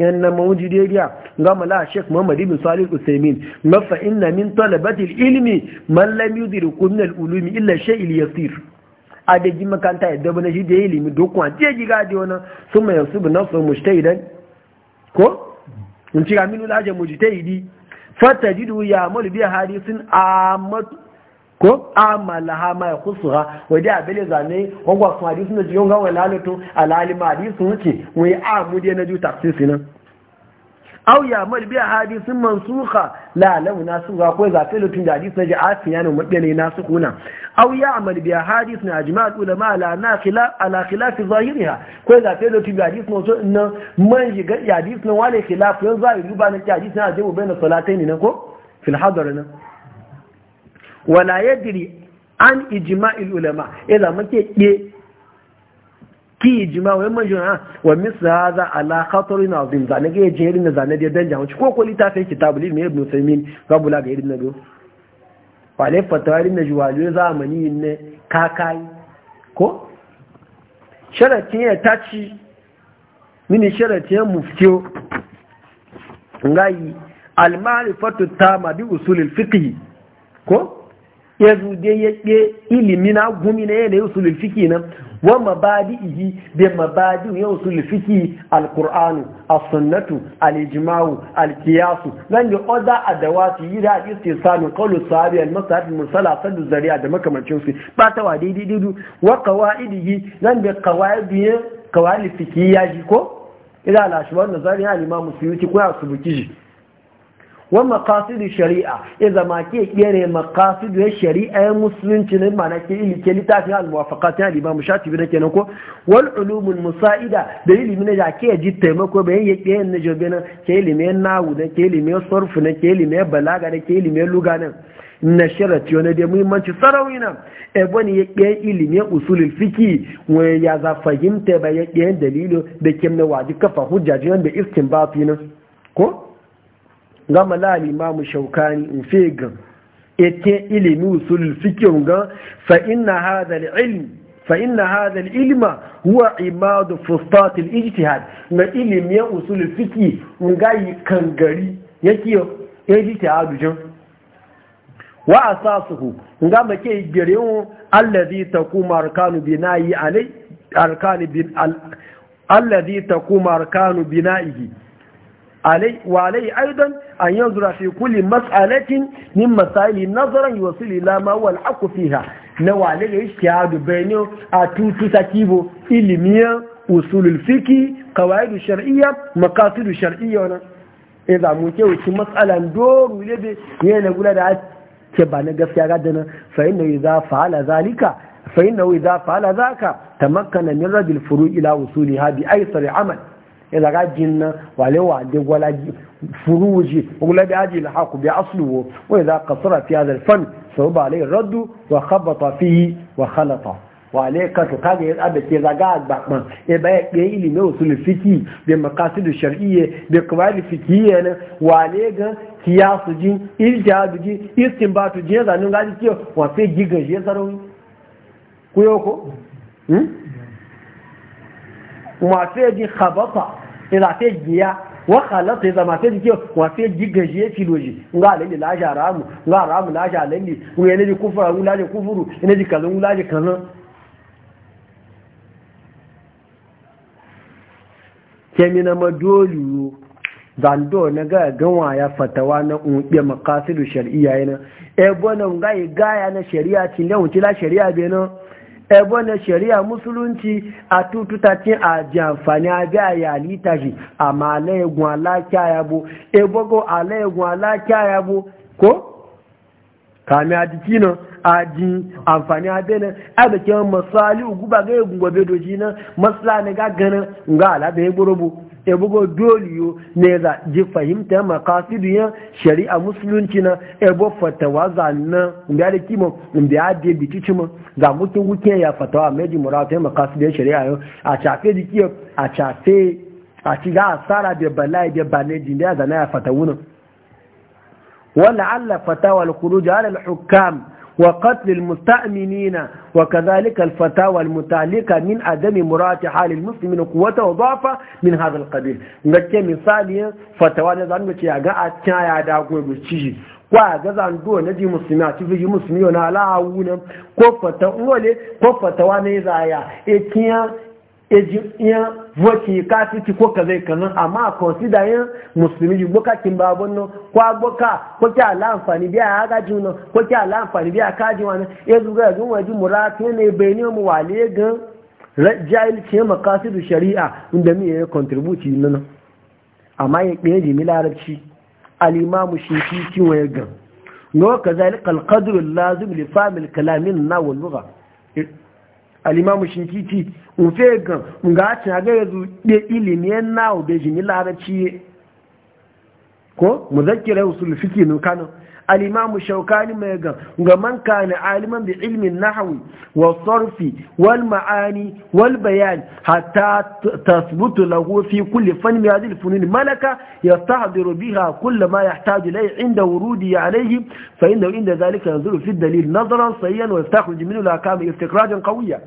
yan na mawuji dariya ga mala shek Muhammadu bin salih usaimin na fa inna min talabati ilmi man lam yudriku min al ulumi illa shay al yasir ji makanta ya bana na shi da ilimi dokun je giga da wannan sun mai yansu bin nasu mujtahidan ko in ci ga minu laje mujtahidi fatajidu ya mulbi hadisin amatu ko amala ha ma kusuha wadi abele zane wangwa sun hadisu na jiyon gawa lalatu alalima hadisi wuce wai amu dai na ju tafsisi nan aw ya mal bi hadisin mansukha la law ga ko za ta lutun da hadisi na ji afiya ne mutane kuna aw ya amal bi hadis na ajma'ul ulama la na khilaf ala khilaf zahiriha ko za ta lutun da hadisi na so nan man ji ga hadisi na wale khilaf yanzu zahiri ba na hadisi na mu bayna salatayn na ko fil hadar nan wala yadri an ijma'il ulama idza eh, muke ke ki ijma ah, wa man juna wa misl hadha ala khatar azim zane ga jerin da zane da danja wuce ko ko litafin kitabul ilmi ibn usaymin rabula ga irin nabi wale fatawarin na juwalu zamani ne kakai ko sharatin ya taci mini sharatin ya muftiyo ngayi al-ma'rifatu tama bi usulil fiqh ko ya dai ya ɗe ilimi na gumi na yanayi usulul fiki nan wa mabadi ihi da mabadi ya usulul fiki alqur'anu as-sunnatu al-ijma'u al-qiyas nan da oda adawati yi da istisanu qawlu sahabi al-masahib al-mursala sadu zari'a da makamancin su ba ta wa daidai daidu wa qawaidihi nan da qawaidi fiki ya ji ko ila al-ashwar nazari al-imam suyuti ko asubuki ji wa maqasidu shari'a ya zama ke kere maqasidu shari'a ya musulunci ne ma nake ili ke littafin al-muwafaqat ya imam shatibi da nan ko wal ulumul musaida da ilimi ne ke ji taimako bayan ya ke ne jobe nan ke ilimi na nawu ne ke ilimi ya sarfu ne ke ilimi ya balaga ne ke ilimi ya luga nan na sharati wani da muhimmanci sarauni nan ebo ne ya ke ilimi ya usulul fiqi wani ya za fahimta ba ya ke dalilo da na waji kafa hujjaji wanda da nan ko gama la al-imam shaukani in fi gan ete ilimi usul fikir gan fa inna hada ilmi fa inna hada al-ilma huwa imadu fustatil ijtihad na ilimi ya usul fiki ngai kangari yake ta adujan wa asasuhu ngama ke girewo allazi taquma arkanu bina'i alai arkanu bin allazi taquma arkanu bina'ihi وعليه أيضا أن ينظر في كل مسألة من مسائل نظرا يوصل إلى ما هو الحق فيها نوع عليه اجتهاد بينه أتوتو تكيبو إلمية أصول الفقه قواعد الشرعية مقاصد الشرعية إذا ممكن في مسألة دور ولد ينقول هذا كبا نقف يا غدنا فإنه إذا فعل ذلك فإنه إذا فعل ذاك تمكن من رد الفروع إلى وصولها بأيسر عمل ilaga jinna wale wa de wala furuji wala bi aji haku bi asluhu wa idha qasara fi hadha alfan sawba alayhi raddu wa khabata fihi wa khalata wa alayka to kage abe ke zaga agbapon e ba e pe ili me usul fiqi bi maqasid ash-shar'iyya bi qawaid fiqiyye wa alayga kiyasu jin irjadu jin istinbatu jin zanun gaji ti wa fe gigaje zaro kuyoko hmm wato ya ji khabata ya zafe giya wa khalata ya ma sai jike wato ya ji gajiye filoji nga alalli laja ramu nga ramu laja alalli nga yana ji kufura nga ji kufuru ene ji kazan nga laja kazan kemina madoliyo zando na ga gawa ya fatawa na umbe makasidu shari'a yana bonon ga gaya na shari'a tin da wuce la shari'a no ebo na shari'a musulunci a tututacin a ji amfani a bi a yali tashi amma alayegun alakiya yabo ebo go alayegun alakiya yabo ko kami a jiki nan a ji amfani a bene a da kewan masali uguba ga egwu gobe doji nan masala ga ganin nga alabe ya gburugburu e bugo doliyo ne za ji fahimta maqasidu ya shari'a musulunci na e bo fatawa za na mbiya da kimo mbiya da bitici cima za mutum wuke ya fatawa meji murata maqasidu ya shari'a yau a chafe jiki a chafe a shiga asara da bala'i da balaji da zana ya fatawuna wanda alla fatawa al-khuruj ala al-hukam وقتل المستأمنين وكذلك الفتاوى المتعلقة من عدم مراعاة حال المسلمين قوة وضعفة من هذا القبيل نكي مثالي فتاوى نظام نكي أغا أتنا يا داقوي بشيشي kwa ga zando na ji musulmi a cikin musulmi na ala'awunan ko fata ngole ko fatawa ne zaya e kiyan iya voci ka fiti ko ka zai kanan amma a consider yin musulmi ji boka kin babun nan kwa boka ko ki ala amfani biya ya ga juna ko ki ala amfani biya ka ji wani ya zuga ga waji muratu ne bai ne mu wale ga rajail ke makasidu shari'a inda mi ya contribute nan amma ya kiyaye jimi larabci al shifi kiwa ya ga no kazalika al-qadru lazim li fahmi al-kalamin na wal lugha alimamu shinkiti nfe gan nga cin aga yanzu ɗe ilimi yan na obe jini larabci ko mu zakkira usul fiki Kano. alimamu shaukani mai ga ga man kana aliman bi ilmin nahwi wa sarfi wal ma'ani wal bayan hatta tasbutu lahu fi kulli fan min hadhihi al-funun malaka yastahdiru biha kull ma yahtaju ilayhi inda wurudi alayhi fa innahu inda dhalika yanzuru fi ad-dalil nadran sayyan wa yastakhruju minhu al-ahkam istikhrajan qawiyyan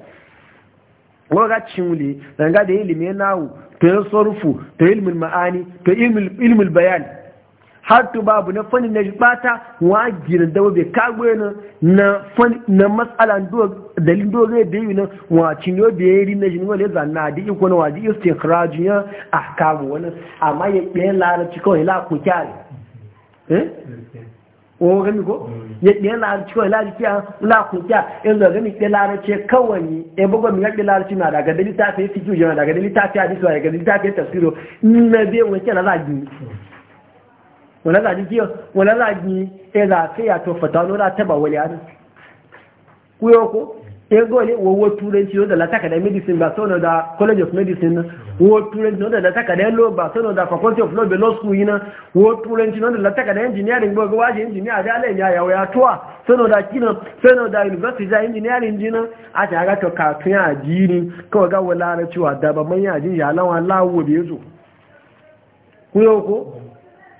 waga cinwule danga da ilimi nawo to yin sarfu to ilmin ma'ani to ilmin bayan har tu babu na fani na bata wa gina da bai kago na na fani na matsala dalilin dole da yi na wa cinyo da ya yi na shi wale zanna da iko na waje istikhraju ya ahkamu wani amma ya ɗaya larabci kawai ila ku kyale eh o gami ko e e ya ɗaya larabci kawai larabci ya ila ku kyale in da gami ɗaya larabci kawai ya bugo mi yaɗe larabci na daga dalilin tafiye fikiyo jana daga dalilin tafiye hadisuwa daga dalilin tafiye tafsiro na bai wani kyala za a gini wọ́n lára jí kíọ́ wọ́n ya zafi ẹ̀rà àfẹ́yà tó fọ̀tà lọ́rà tẹ́bà wọlé àrùn kúrò kó ẹgbọ́ ilé owó turanci lọ́dà látàkàdá medicine ba sọ́nà da college of medicine owó turanci lọ́dà látàkàdá law bá sọ́nà da faculty of law law school yìí owó turanci lọ́dà látàkàdá engineering gbogbo wáṣẹ engineer dá lẹ́yìn àyàwó ya tó à da kí náà da university da engineering jìnnà àti àgàtọ̀ kàtún àjírí kọ́wọ́ gáwọ́ lára cewa da ba manyan àjíyà aláwọ̀ aláwọ̀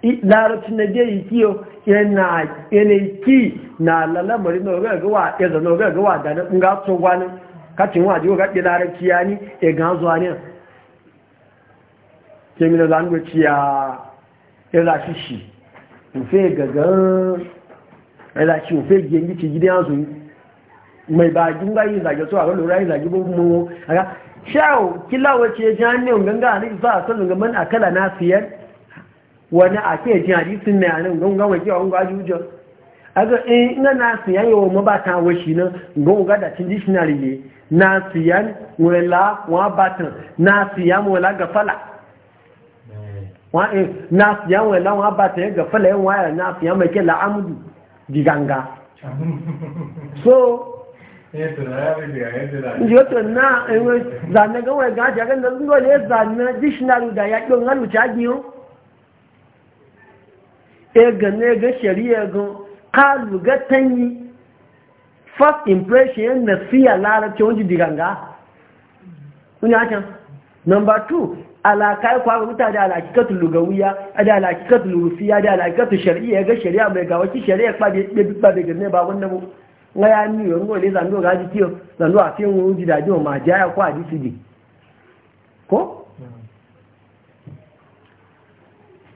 larabcin da zai yi ikiyo yana iki na lalamari na oga gawa ya na oga gawa da na nga ga ɗi lara ya ni e ga zuwa ne ke mina language ya ya zashi shi ufe gagan ya zashi ufe gengi ci gidan su mai ba jin ga zage a ga lura zage mu aga wani a ke jin hadisin mai anan gunga waje a gunga jujo aga in eh, ina na siyan yawon mabata washi nan gunga da cin dictionary ne na siyan wela wa batan na siyan wela ga fala eh. Eh, na wa batan ga fala yan waya na siyan mai ke la'amudu giganga so yoto na enwe zane gawai gaji a na zuwa zane dictionary da ya wani egan ne ga shari'a gan ka luga tanyi first impression yan na siya larabci wajen diganga kuni can? number two alakai kwaga wuta da alakikatu lugawiya da alakikatu lurufiya da alakikatu shari'a ga shari'a mai ga wacce shari'a ba da ga ne ba wannan mu nga ya ni yo ngole zando ga ji kiyo zando a fi mu ji da jo ma ja ya kwa ji ko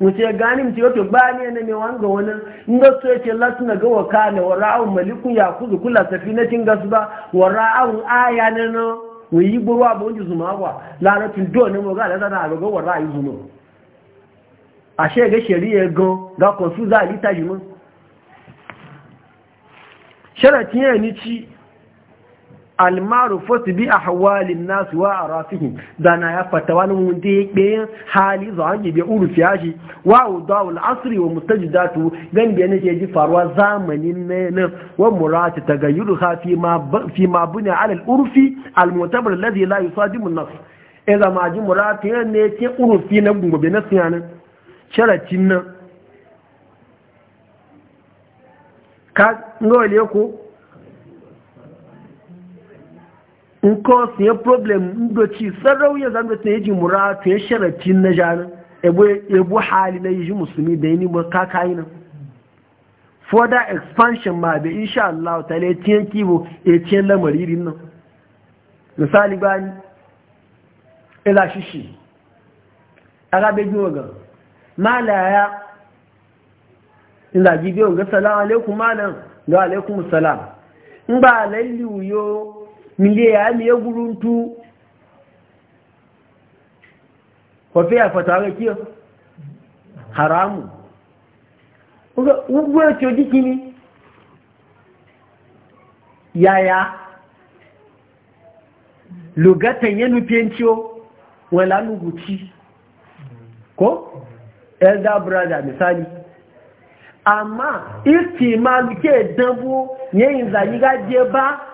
wuce gani mace wato ba ne mai wanga wani inda ga so yake lasu na ga waka ne wa ra'awun malikun ya kuzu kula safi na cin gasu ba wa ra'awun aya ne na wuyi gurwa abin ji zuma ba tun do ne mu ga da zana ga wa ra'ayi zuma a she ga shari'a ga ga kwasu za a lita jimin shara yana ni ci fosi bi hawalin nasu wa da na ya fata wani wunde ya be hali zangi uru urufi shi wa udawul asri wa datu gan be ne ji faruwa zamanin na nan wa murati tagayyuru ha fi ma fi ma buni ala al-urfi al-mu'tabar alladhi la yusadimu an-nas idza e ma ji murati ne ce urufi na gungube na siyanin sharacin nan ka ngawale ko nko su ya problem ndoci sarrau ya na ta yaji muratu ya sharatin na jana ebo hali na iji musulmi da yini ma kakayi na. foda ekspanshọn ma da insha Allah ta le tiyan kibo e tiyan lamari din nan misali bani ila shishi aga be gbo ga mala ya ila ga alaikum malam wa alaikum salam in ba milie ya miye guruntu kwafi a fatawa kiyo haramu ugbo eto dikini yaya lugatan yenu pencho wala luguci ko elder brother misali amma istimalu ke dambu yayin zayi gaje ba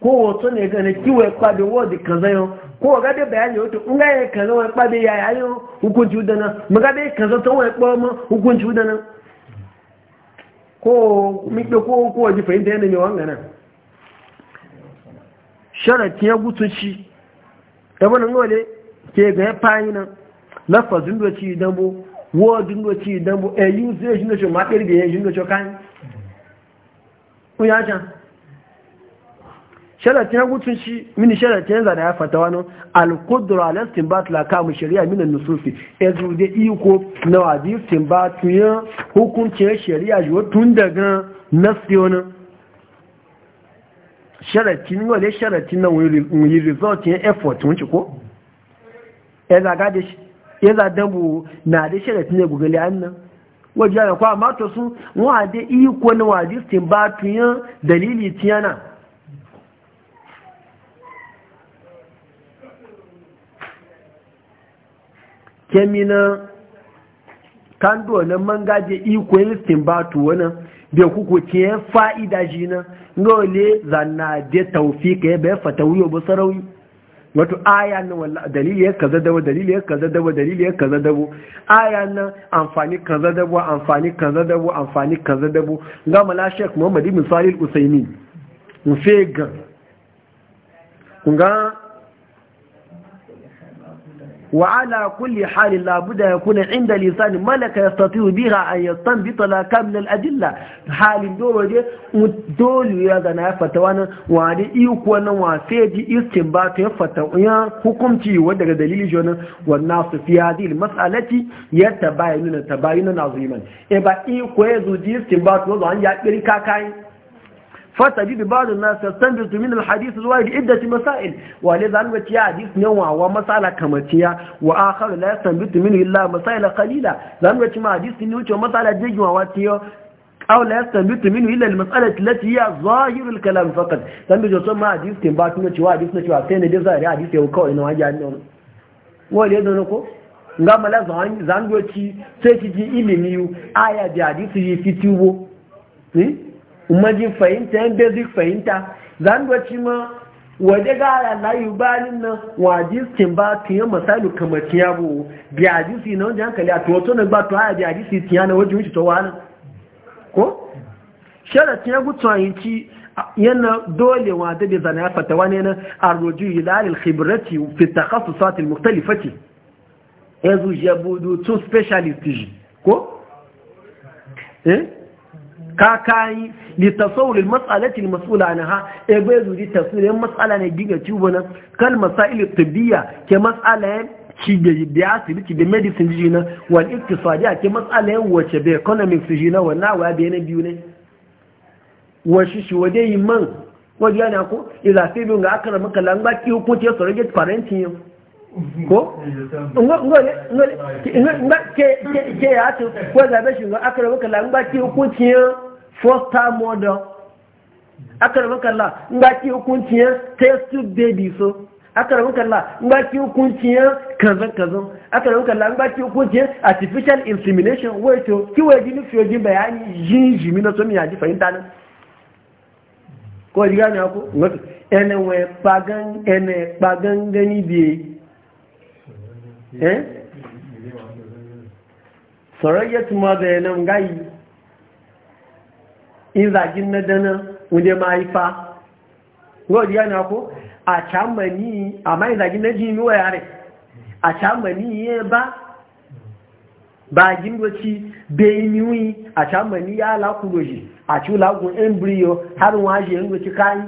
ko hoto ne gane kiwo ya kwabe wadi kaza yau ko ga dai bayani wato in ga ya kaza wani kwabe ya yayo hukunci udana mu ga dai kaza to wani kwabe hukunci udana ko mi da ko ko ji fahimta yana ne wangana sharati ya gutuci da wannan wale ke ga ya fayi nan lafazin do ci dan bo wodin do ci dan bo e yuzu shi ne shi ma kirbe shi ne shi kan ku ya jan sharatin gutun shi mini sharatin zana ya fata wani alkudura alastin ba tula kamun shari'a mini nusufi ya zurde iko na wadistin ba tuyen hukuncin shari'a yiwu tun daga nasiyonin sharatin wale sharatin na wuyi result ya effort wunci ko ya zadanbu na da sharatin ya gugali annan wajen yana kwa mato sun wade iko na wadistin ba tuyen dalili tiyana kemina kando na mangaje iko yin batu wani bai kuku ce fa'ida shi na nole zanna da taufika ya bai fata wuyo ba sarauyi wato aya nan wala dalili ya kaza dabo dalili ya kaza dabo dalili ya kaza dabo aya nan amfani kaza dabo amfani kaza dabo amfani kaza dabo ga mala shek muhammadu bin salil al mu fega kun ga وعلى كل حال لا بد يكون عند الإنسان ملك يستطيع بها أن يستنبط لك كامل الأدلة حال دول دي دول يزنا فتوانا وعلي إيقوانا وفيدي استنباط فتوانا حكمتي ودر دليل جونا والناس في هذه المسألة يتباينون تباينا عظيما إبا إيقوازو دي استنباط وضعان يأكل كاكاين فتجد بعض الناس يستنبط من الحديث الواحد عدة مسائل ولذا يا حديث نوع ومسألة كمتية وآخر لا يستنبط منه إلا مسائل قليلة نوتي ما حديث نوتي ومسألة جيجوة واتية أو لا يستنبط منه إلا المسألة التي هي ظاهر الكلام فقط نوتي وصول ما حديث تنبات نوتي وحديث نوتي وحسين دي ظاهر حديث يوكو إنه هجا نوتي ولذا نوكو ngama la zangoci sai ki ji ilimi aya da hadisi yi fitubo eh majin fahimta yan basic fahimta zan doci ma waje gara layu banin nan jiskin ba tu yan misali kamar tiya bu bi ajisi na wajen hankali a tuwato na ba tuwa bi ajisi tiya na wajen wuce ta wani, ko sharatin ya gutsu a ci yana dole wa da bai zana ya fata wani na arroju hilalil khibirati fi takhassusat al mukhtalifati yanzu ya budu tun specialist ko eh ka kayi li tasawul mas'alati al-mas'ula anha e bai zuri tasirin mas'ala ne diga tubo na kal masail tibbiya ke mas'ala ci da da asibiti da medicine ji na wal iktisadiya ke mas'ala wace be economics ji na wannan wa be ne biyu ne wa shi shi wade yi man wajen yana ko iza sai bin ga aka maka lamba ki hukunci su rage parenting yau ko ke ya ce ko zabe shi ga aka maka lamba ki hukunci yau first time order aka rabu kalla in ga ki hukunciyar test baby so aka rabu kalla in ga ki hukunciyar kazan kazan aka rabu kalla in ga ki hukunciyar artificial insemination wai to ki wai jini fiye jin bayani jin jimi na somi yaji fahimta nan ko riga ne ako ngoto ene we pagan ene pagan gani bi eh soraya tuma da nan gai in na dana wunde mahaifa gwaji yana ko a camani a mai zagin na jini wa yare a camani ya ba bagin doci bai miwi a camani ya lakuloji a ci embryo har waje yin kayi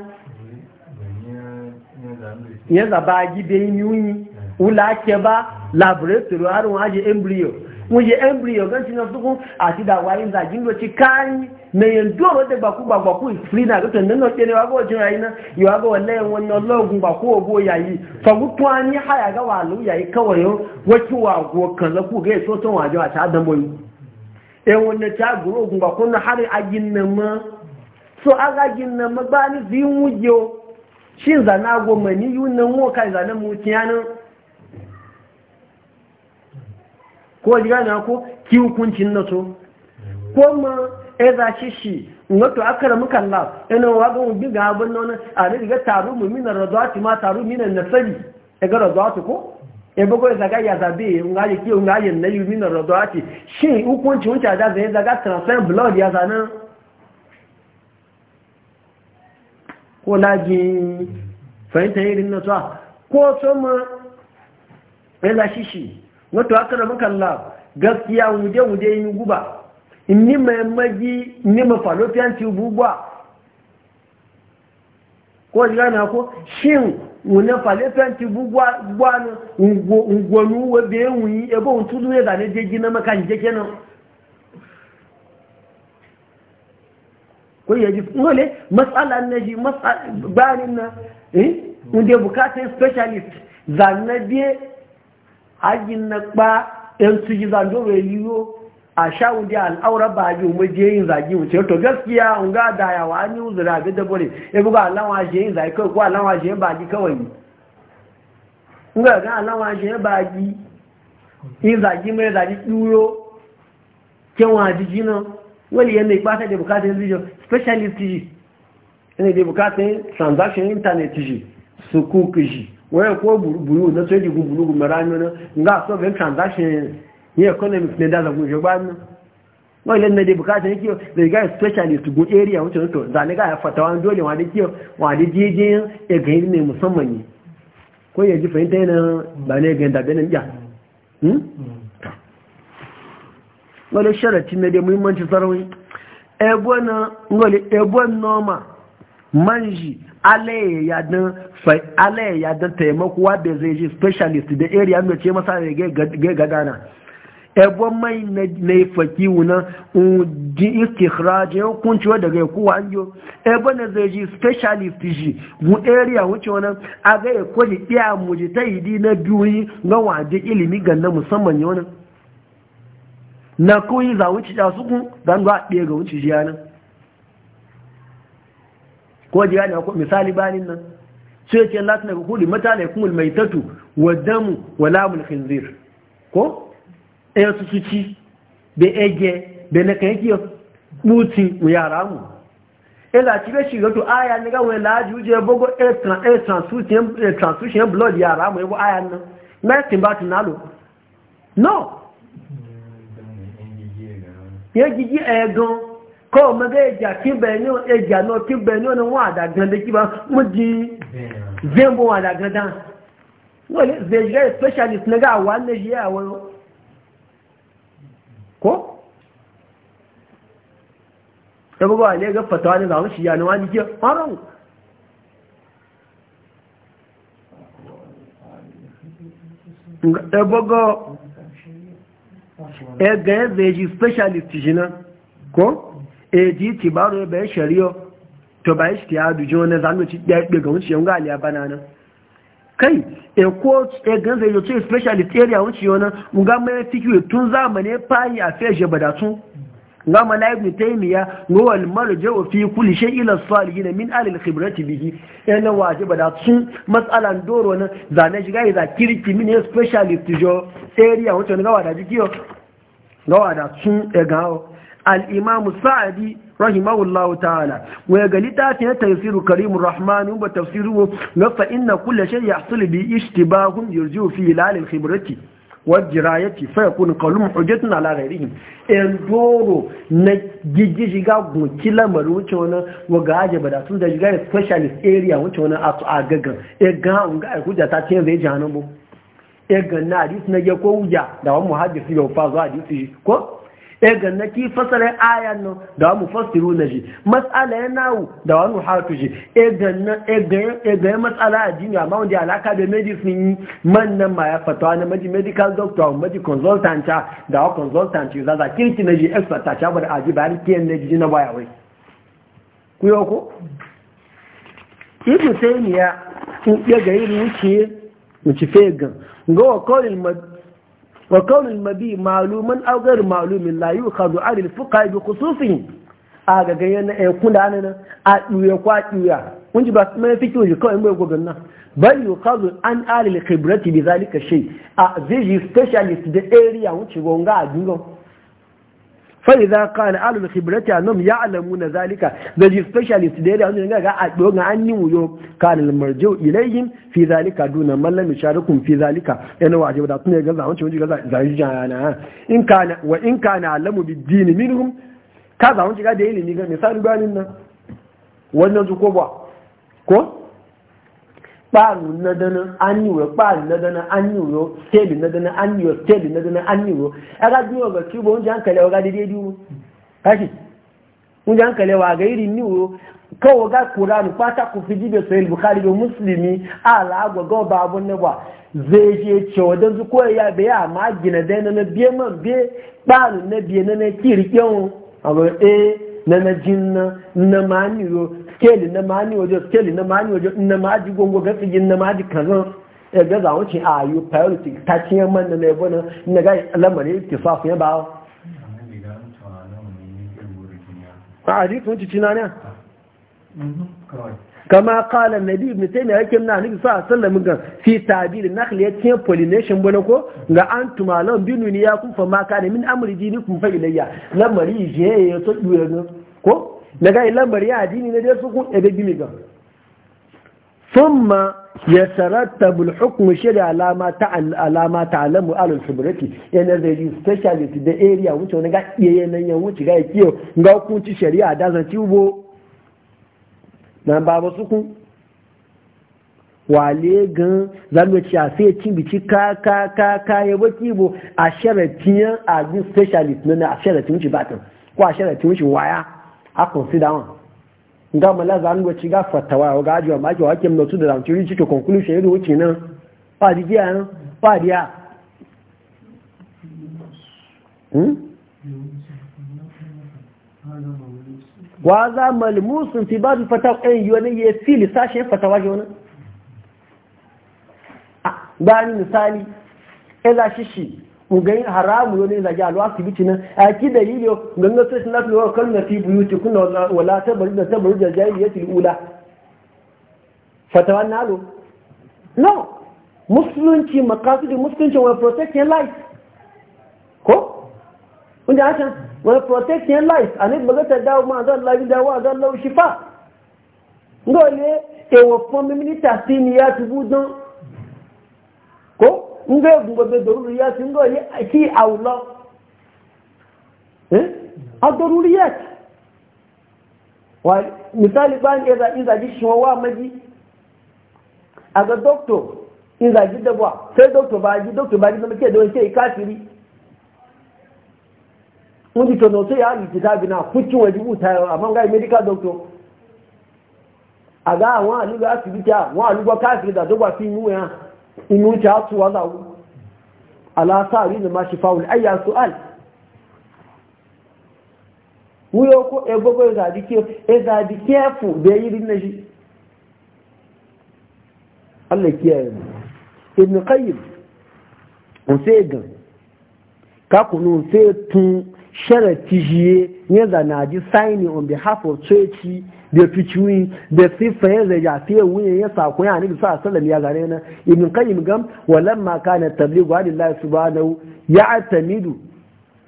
bai wula ke ba laboratory har waje embryo wuje embryo gan cinan a ti da wayin zagin kayi na yanzu a wata gbaku gbagbaku free na ga tunan nan ne wago jin yayi na yi wago wallahi wannan logun gbaku ogo yayi fa gutu ya yi haya ga walu yayi kawai waki wago kan la ku ga so ton wajo a ta dan boyi e wannan ta guro ogun gbaku na har agin ma so aga gin nan ma ba ni bi wujo shin zana go mani yun na na eza shi shi wato akara kalla. Allah ina waga mu biga abun nan a ne diga taru mu min radwati ma taru na nasari. e ga radwati ko e bugo eza ga ya zabe in ga ki un ga yin na yu min radwati shi hukunci hunta da zai zaga transfer blood ya zana ko laji fahimta irin na tsawa ko so ma eza shi shi wato akara muka kalla, gaskiya wuje wuje yin guba ní ma magi ní ma fallopian tube gbà ko jira na ko shin wuna fallopian tube gbà gbà no ngwonu we be enwi ebe on tulu ne da ne deji na maka nje kenan ko ye ji ngole mas'ala na ji mas'ala bani na eh unde bukata specialist zanna die ajin na pa en tuji zando we liyo a sha wundi al'aura ba yi mu je yin zagi to gaskiya un ga da yawa an yi e buga Allah wa je yin zagi kai ko Allah wa je kawai un ga ga Allah wa je yin zagi mai zagi jina wani da bukatun zijo specialist ji yana da bukatun transaction internet ji ji ko buru na sai ga so transaction ni economics ne da zagun shugaba nan wani lannan da bukatar yake da ga specialist go area wuce to da ne ga ya dole wani kiyo wani jijin ya gani ne musamman ne ko ya ji fahimta yana ba ne ga da benin ya wani sharati ne da muhimmanci sarwai ebon noma manji alaye ya dan taimakowa da zai ji specialist da area mai ce masa ga gadana ebo mai na ifaki wuna iske istikhrajin kunciwa daga kowa an yi ebo na zai ji specialist ji mu area wuce wani a ga ya kwaji iya muji ta idi na biyu yi ga waje ilimi ganna musamman ne wani na koyi za wuce da su kun zan ga ɗaya ga wuce jiya nan ko jiya ne akwai misali banin nan sai ce latin da kuli mata ne kuma mai tatu wa wala wa lamul ko ɗaya su suci da ege da na kan yake ɓutin to aya ni ga wani laji uje bogo a transfusion blood yara mu yabo aya nan ba ko zembo specialist na ga wa ne ko ɗan ba ne ga fatawa ne zama shi yana wani ke haram ɗan e e ga ya ga ya zai ji specialist shi nan ko ya e ji tibaro ya bayan shari'o to bayan shi ta yadu na wani ya ɗaya ɗaga wuce yawon ga aliyar bananan kai e ko e ganza ilo to specialist area wuce yana nga mai fiki tun zamani fayi a feshe badatu nga ma laib ni taymiya ngo wal maru jawo fi kuli shi ila gina min alil khibirati khibrati bihi yana uh, waje da tun mas'alan doro na zane shiga za kirki min specialist jo area wuce gawa da jikiyo gawa da tun e gawo al imam sa'di rahimahullahu ta'ala wa ga littafin tafsiru karimur rahman wa tafsiru wa fa inna kull shay yahsul bi ishtibahun yurju fi ilal al khibrati wa jirayati fa yakun qawlum hujjatun ala ghayrihim en doro na gigiji ga gunki lamarin wuce wani wa ga aje da sun da shiga specialist area wuce wani a gagan e ga un ga hujja ta ce zai jahannamo e ga na hadis na ya ko hujja da wani muhaddisi ya fa zuwa hadisi ko ega na ki fasare ayan no da mu fasiru na ji, matsala ya nawo da wani hatu shi e ga ya e e matsala a jini amma wanda alaka da medicine man nan ma ya fatawa na maji medical doctor maji consultant da wa consultant za za kirki na ji expert ta shabar aji bayan kiyan na ji na baya wai ku yau ko sai ni ya ga yi wuce wuce fegan ga wa kawai wa kaunin mabi malumin augar malumin layu ka zu'ar ilfuka bi kususin a ga ganyen na ɗaya kula ana a ɗuya kwa ɗuya kun ji ba su mai fikin ji kawai mai gobin nan bal yu kazu an alil khibrati bi zalika shay a zai specialist da area wuce gonga a dungon فإذا قال أهل الخبرة أنهم يعلمون ذلك ذلك specialist ديري أنهم يقول أدوغ عني ويو كان المرجو إليهم في ذلك دون من لم يشاركهم في ذلك أنا واجب داتنا يقول أنت وانت يقول زعيج جانا إن كان وإن كان أعلم بالدين منهم كذا وانت يقول ديني مثال باننا وانا زكوبا كو kpaanu nadana anyiwo kpaanu nadana anyiwo steeli nadana anyiwo steeli nadana anyiwo aga bi wa baki bo unja hankali wa gadi daidai mu kashi unja hankali wa ga iri niwo kawo ga kuranu kwata ku fi ala agwa ga babun ne ba zai je cewa dan su koyi ya be ya ma gina dai na biye man biye skeli na mani waje skeli na mani waje na maji gongo ga tsigin na maji kazan ya eh, ga zawo ce a ah, yi priority ta ci yan man na ne bona na ga lamarin ittifafu ya ba a ji tun ci na ne kama kala nabi ibn taymiya yake na nabi sa sallam ga fi tabil nakhl ya tin pollination bane ko ga antuma lan binuniya ya fa maka kana min amri dinikum fa ilayya lamari je ya to duwe ko daga ilambar ya addini na dai su kun ebe gimi ga thumma yatarattabu al-hukmu shari'a alama ta alama ta'lamu al-khibrati yana da yi specialist da area wuce wani ga iyaye nan yan wuce ga kiyo ga hukunci shari'a da zan ciwo na baba su kun wale gan zanu ci a sai cin bici ka ka ka ka ya ba bo a sharatin a specialist na a sharatin wuce batan ko a sharatin wuce waya a consider wọn nga mala za nwa ci ga fatawa ga ajiwa ma wa ake mutu da zamci ri cike conclusion yadda wuce nan ba di giya nan ba di ya hmm? wa za malmusun fi ba su fatawa ɗan yi wani ya fi lissashen fatawa ke wani ba ni misali ila e shi. ugayin haramu yau la zage lo luwa asibiti nan a ki ganga sai sun lafi wa kan na fi buyuti kuna wala bari da tabaru da jayi ya tilula fatawa na no musulunci makasudi musulunci wani protect your life ko unda acha wani protect your life ani ne bagata dawo ma zan lafi dawo a zan lau shifa ngole e wo fomi minita sí ya tubudon don ko Ndị egwugbo be ya si nga oye ki awulọ adoruri ya misali ba nke izaji shi wa maji a ga doctor izaji dabuwa sai doctor ba ji doctor ba ji zama ke da wani ke ikasiri wọ́n ya tọ̀nà tó yà ìtìtàbí náà fún tí wọ́n ìdíbò tayọ àmọ́gá medical doctor àgá àwọn a síbítà fi ya in wuce hatuwa za ku alasa rizin ma shifawul ayya su'al wuyo ko egogo ya zaɗi ke ya zaɗi kefu da yi rinna shi Allah kiyaye mu ibn qayyim usaigan ka kunu sai tun sharati jiye ya ji signing on behalf of church da ficiwi da siffa ya zai jafi ya wuyan ya sako ya nufi sa sallam ya gare na ibn qayyim gam walam ma kana tablighu alillahi subhanahu ya'tamidu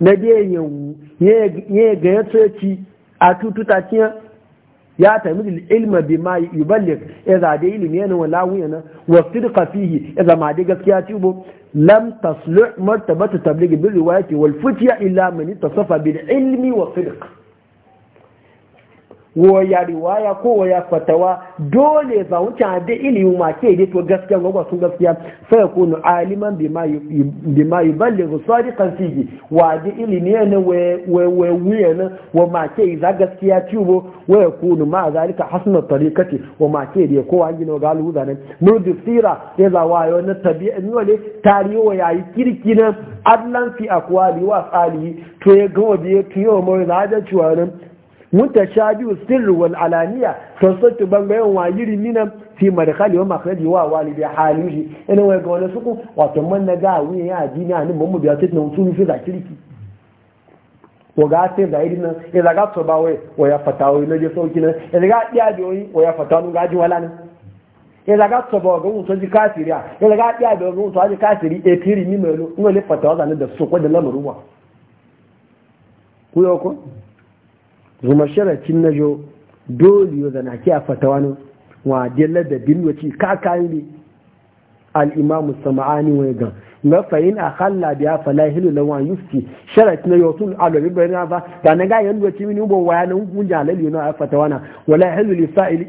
na dai yawu ya ga ya tsoci a tututa tiya ya tamidu ilma bi bima yuballigh ya zade ilimi yana wala wuya na wa sidqa fihi ya zama da gaskiya ci bo lam taslu martabatu tablighi bil riwayati wal futya illa man tasafa bil ilmi wa sidq wa ya riwaya ko waya ya fatawa dole ba wuce da ilimi ma ke ne to gaskiya ga sun gaskiya sai kunu aliman bima bima yuballighu sadiqan fihi wa da ilimi ne we we we ne wa ma ke za gaskiya tubo wa nu ma zalika hasna tariqati wa ma ke da kowa ga galu ne murdu sira ya za wayo na tabi'a ne wale tariyo wa yayi kirkina adlan fi akwali wa sali to ya ga da to yau mai na da ne mutashabihu sirri wal alaniya sosotto bangayen wajiri minan fi madkhali wa makhraji wa walidi halihi ina wai ga wani suku wato man na ga wuya ya dini anin mamu biya sai na mutum fi zakiriki wa ga sai da irin nan ila e ga to bawai wa ya fatawo ina je sauki nan ila e ga diya da yoyi wa ya fatawo ga ji wala nan ila e ga e tiri ni da su da zuma sharacin na jo dole yau zana ke a fata wani dillar da bin bilwaci kakan ne al'imamu sama'ani wani gan na fahim a halla ya fala na wani yufti sharati na yau sun alobi bayan ba da na gayan wace mini ubon waya na hukun jalali na a fata na? wala hilu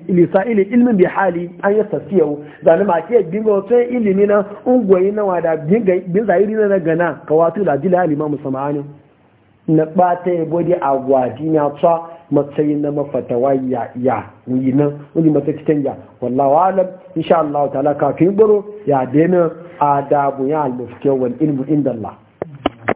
lisa'ili ilmin bi hali an yi sasiyau da na mace bin wato ilimi na ungwayi na wada bin zahiri na gana kawatu da jila alimamu sama'ani na ɓata ya gwade a gwaji na tsa matsayin na mafatawa ya ya yi nan wani matsakitan ya wallawa alam insha Allah ta'ala kafin baro ya dena adabu ya al wal ilmu inda Allah